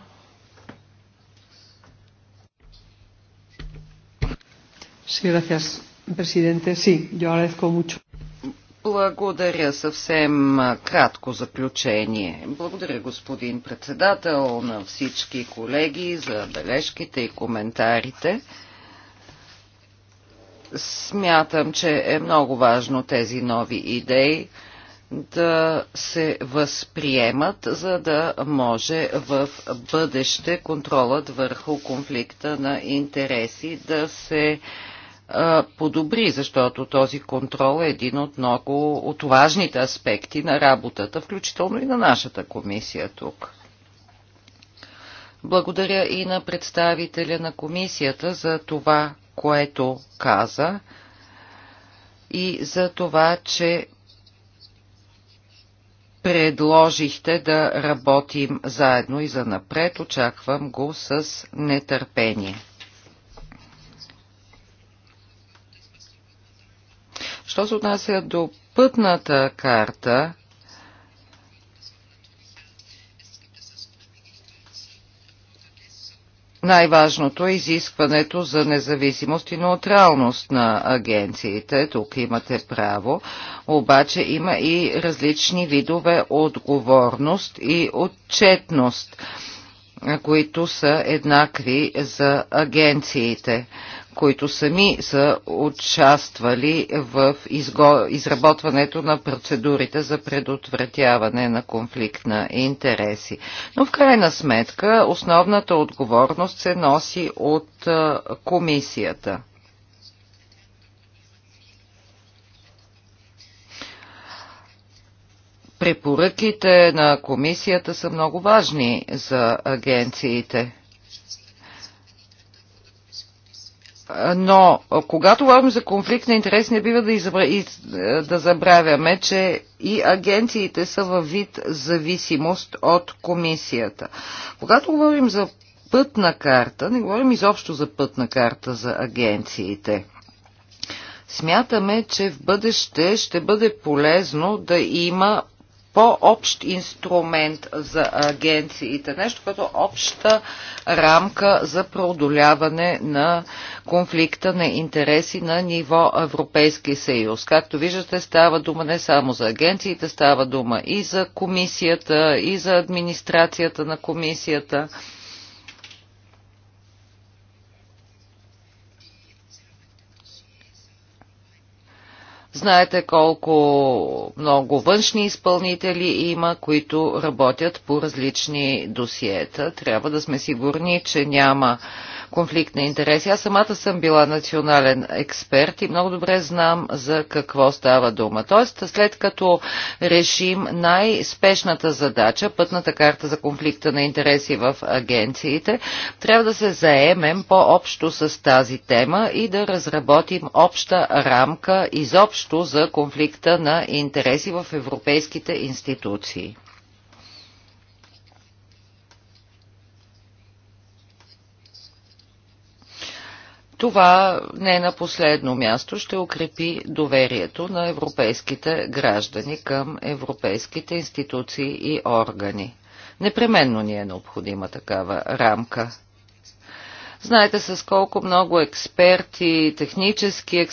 Sí, gracias, presidente. Sí, yo agradezco mucho. Благодаря. Съвсем кратко заключение. Благодаря, господин председател, на всички колеги за бележките и коментарите. Смятам, че е много важно тези нови идеи да се възприемат, за да може в бъдеще контролът върху конфликта на интереси да се подобри, защото този контрол е един от много от важните аспекти на работата, включително и на нашата комисия тук. Благодаря и на представителя на комисията за това, което каза и за това, че предложихте да работим заедно и за напред. Очаквам го с нетърпение. Що се отнася до пътната карта, Най-важното е изискването за независимост и неутралност на агенциите. Тук имате право. Обаче има и различни видове отговорност и отчетност, които са еднакви за агенциите които сами са участвали в изго... изработването на процедурите за предотвратяване на конфликт на интереси. Но в крайна сметка основната отговорност се носи от комисията. Препоръките на комисията са много важни за агенциите. Но когато говорим за конфликт на интерес, не бива да, забравяме, че и агенциите са във вид зависимост от комисията. Когато говорим за пътна карта, не говорим изобщо за пътна карта за агенциите. Смятаме, че в бъдеще ще бъде полезно да има по-общ инструмент за агенциите, нещо като обща рамка за преодоляване на конфликта на интереси на ниво Европейски съюз. Както виждате, става дума не само за агенциите, става дума и за комисията, и за администрацията на комисията. Знаете колко много външни изпълнители има, които работят по различни досиета. Трябва да сме сигурни, че няма конфликт на интереси. Аз самата съм била национален експерт и много добре знам за какво става дума. Тоест, след като решим най-спешната задача, пътната карта за конфликта на интереси в агенциите, трябва да се заемем по-общо с тази тема и да разработим обща рамка изобщо за конфликта на интереси в европейските институции. Това не е на последно място ще укрепи доверието на европейските граждани към европейските институции и органи. Непременно ни е необходима такава рамка. Знаете с колко много експерти, технически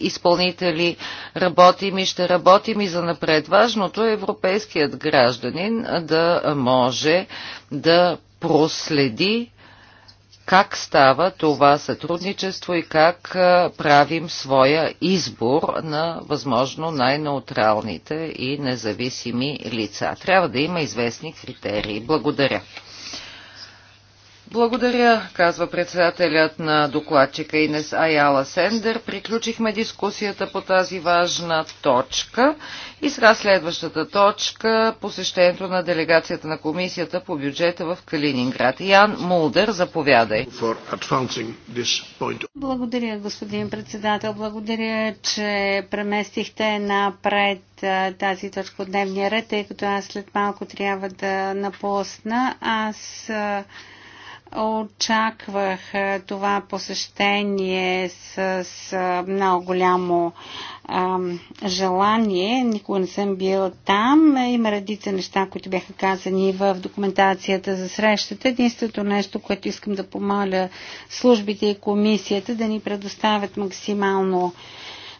изпълнители работим и ще работим и за напред. Важното е европейският гражданин да може да проследи как става това сътрудничество и как правим своя избор на възможно най-неутралните и независими лица. Трябва да има известни критерии. Благодаря. Благодаря, казва председателят на докладчика Инес Аяла Сендер. Приключихме дискусията по тази важна точка и сега следващата точка посещението на делегацията на комисията по бюджета в Калининград. Ян Мулдер, заповядай. Благодаря, господин председател. Благодаря, че преместихте напред тази точка от дневния ред, тъй като аз след малко трябва да напусна. Аз Очаквах това посещение с, с много голямо желание. Никога не съм бил там. Има редица неща, които бяха казани в документацията за срещата. Единственото нещо, което искам да помоля службите и комисията да ни предоставят максимално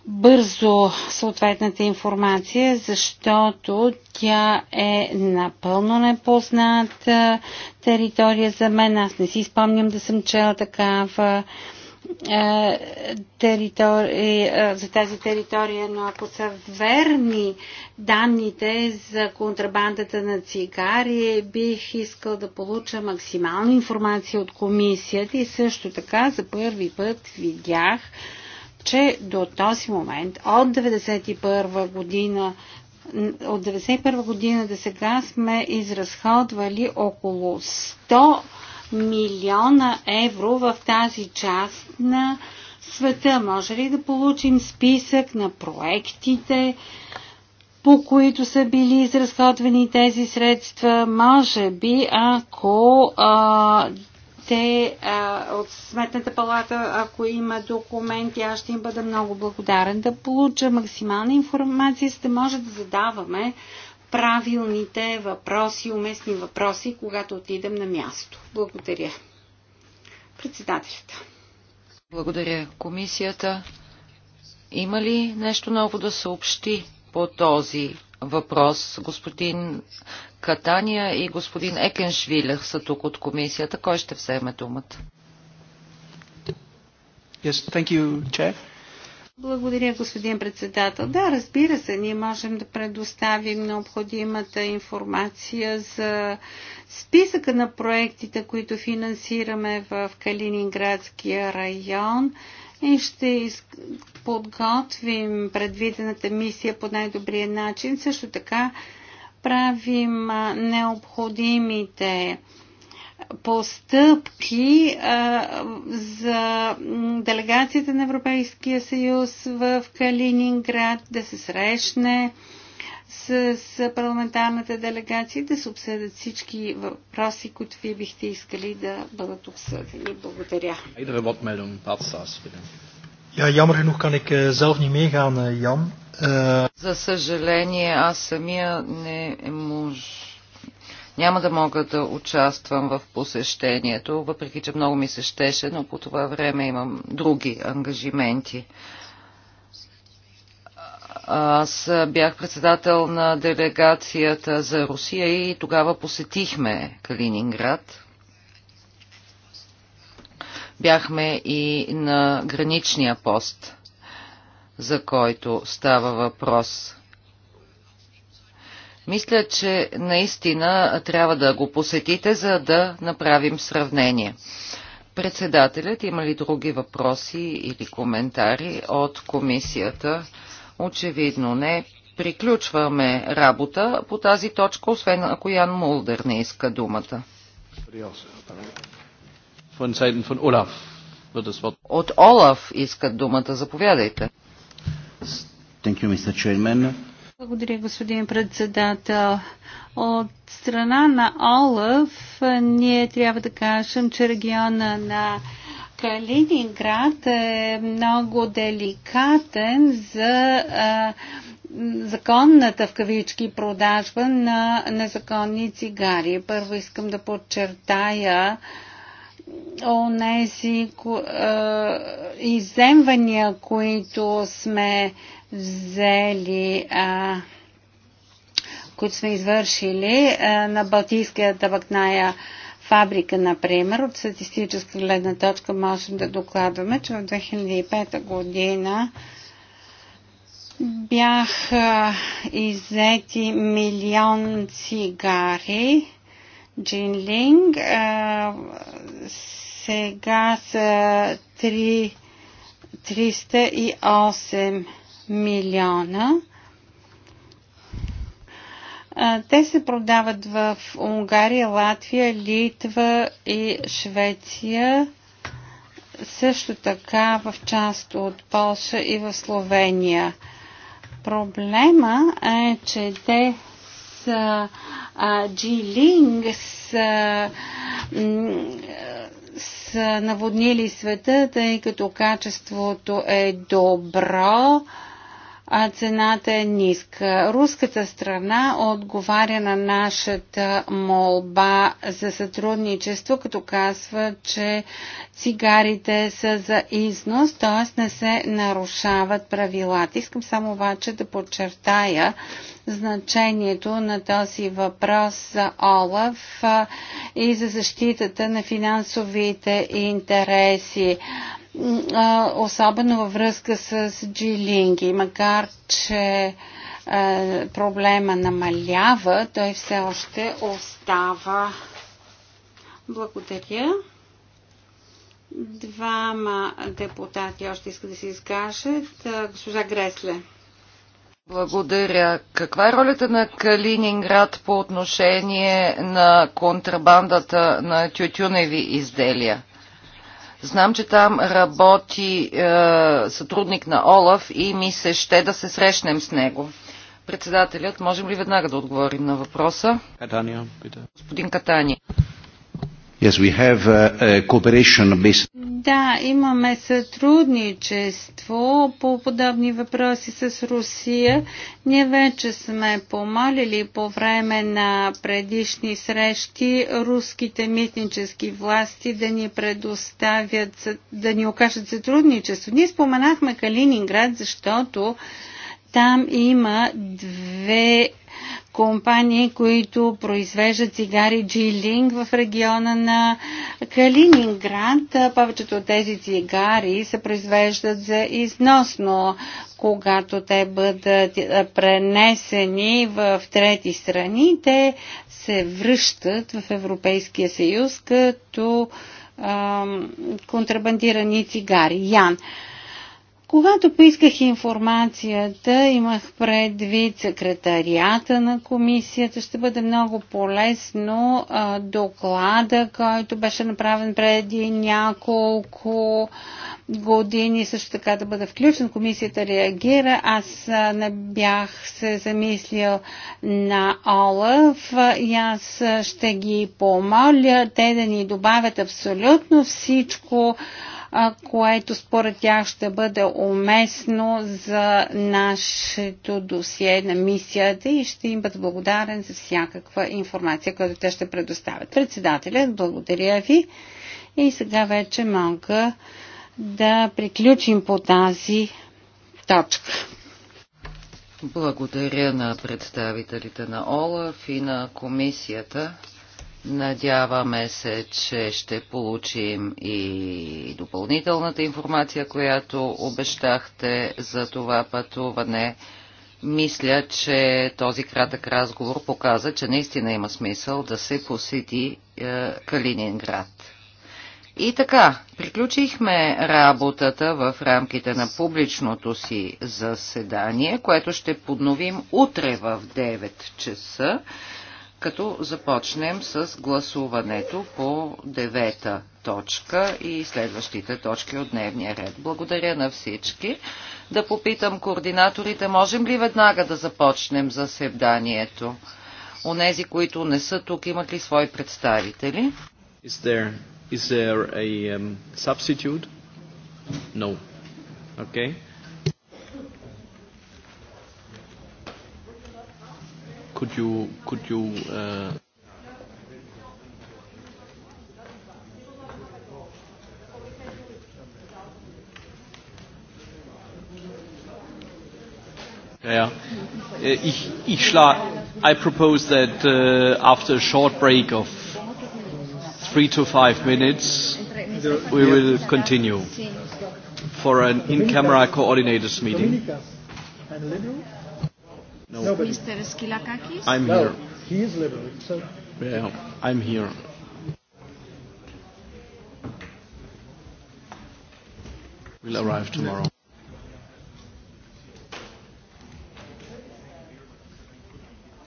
бързо съответната информация, защото тя е напълно непозната територия за мен. Аз не си спомням да съм чела такава е, е, е, за тази територия, но ако са верни данните за контрабандата на цигари, бих искал да получа максимална информация от комисията и също така за първи път видях че до този момент, от 1991 година, от 1991 година до сега сме изразходвали около 100 милиона евро в тази част на света. Може ли да получим списък на проектите, по които са били изразходвани тези средства? Може би, ако а, те а, от Сметната палата, ако има документи, аз ще им бъда много благодарен да получа максимална информация, за да може да задаваме правилните въпроси, уместни въпроси, когато отидем на място. Благодаря. Председателята. Благодаря. Комисията има ли нещо ново да съобщи по този въпрос. Господин Катания и господин Екеншвилер са тук от комисията. Кой ще вземе думата? Yes, thank you, Chair. Благодаря, господин председател. Да, разбира се, ние можем да предоставим необходимата информация за списъка на проектите, които финансираме в Калининградския район и ще подготвим предвидената мисия по най-добрия начин. Също така правим необходимите постъпки а, за делегацията на Европейския съюз в Калининград да се срещне а, с, с парламентарната делегация да се обсъдят всички въпроси, които вие бихте искали да бъдат обсъдени. Благодаря. Ja, jammer genoeg kan ik uh, zelf niet meegaan, uh, Jan. Eh, За съжаление, аз самия не мож... няма да мога да участвам в посещението, въпреки че много ми се щеше, но по това време имам други ангажименти. Uh, аз бях председател на делегацията за Русия и тогава посетихме Калининград. Бяхме и на граничния пост, за който става въпрос. Мисля, че наистина трябва да го посетите, за да направим сравнение. Председателят има ли други въпроси или коментари от комисията? Очевидно не. Приключваме работа по тази точка, освен ако Ян Мулдер не иска думата. От Олаф искат думата. Заповядайте. Благодаря, господин председател. От страна на Олаф ние трябва да кажем, че региона на Калининград е много деликатен за а, законната в кавички продажба на незаконни цигари. Първо искам да подчертая онези а, иземвания, които сме взели. А, които сме извършили а, на Балтийския табакная фабрика, например, от статистическа гледна точка можем да докладваме, че в 2005 година бяха иззети милион цигари. Джинлинг сега са 3, 308 милиона. Те се продават в Унгария, Латвия, Литва и Швеция, също така в част от Полша и в Словения. Проблема е, че те са G-Link са, са наводнили света, тъй като качеството е добро а цената е ниска. Руската страна отговаря на нашата молба за сътрудничество, като казва, че цигарите са за износ, т.е. не се нарушават правилата. Искам само обаче да подчертая значението на този въпрос за Олаф и за защитата на финансовите интереси особено във връзка с джилинги. Макар, че проблема намалява, той все още остава. Благодаря. Двама депутати още искат да се изкажат. Госпожа Гресле. Благодаря. Каква е ролята на Калининград по отношение на контрабандата на тютюневи изделия? Знам, че там работи е, сътрудник на Олаф и ми се ще да се срещнем с него. Председателят, можем ли веднага да отговорим на въпроса? Катания, Господин Катани. Yes, we have, uh, cooperation based... Да, имаме сътрудничество по подобни въпроси с Русия. Ние вече сме помолили по време на предишни срещи руските митнически власти да ни предоставят, да ни окажат сътрудничество. Ние споменахме Калининград, защото там има две компании, които произвеждат цигари Джилинг в региона на Калининград. Повечето от тези цигари се произвеждат за износно, когато те бъдат пренесени в трети страни, те се връщат в Европейския съюз като ам, контрабандирани цигари. Ян. Когато поисках информацията, имах предвид секретарията на комисията. Ще бъде много полезно а, доклада, който беше направен преди няколко години, също така да бъде включен. Комисията реагира. Аз а, не бях се замислил на Олаф и аз ще ги помоля те да ни добавят абсолютно всичко, което според тях ще бъде уместно за нашето досие на мисията и ще им бъде благодарен за всякаква информация, която те ще предоставят. Председателят, благодаря ви. И сега вече мога да приключим по тази точка. Благодаря на представителите на ОЛАФ и на комисията. Надяваме се, че ще получим и допълнителната информация, която обещахте за това пътуване. Мисля, че този кратък разговор показа, че наистина има смисъл да се посети е, Калининград. И така, приключихме работата в рамките на публичното си заседание, което ще подновим утре в 9 часа като започнем с гласуването по девета точка и следващите точки от дневния ред. Благодаря на всички. Да попитам координаторите, можем ли веднага да започнем заседанието? Онези, които не са тук, имат ли свои представители? Is there, is there a, um, substitute? No. Okay. could you could you uh, Yeah. Ich, ich schlag, I propose that uh, after a short break of three to five minutes, we will continue for an in-camera coordinators meeting. No. Nobody. Mr. Skilakakis? I'm no, here. He is liberal. So. Yeah, I'm here. We'll arrive tomorrow.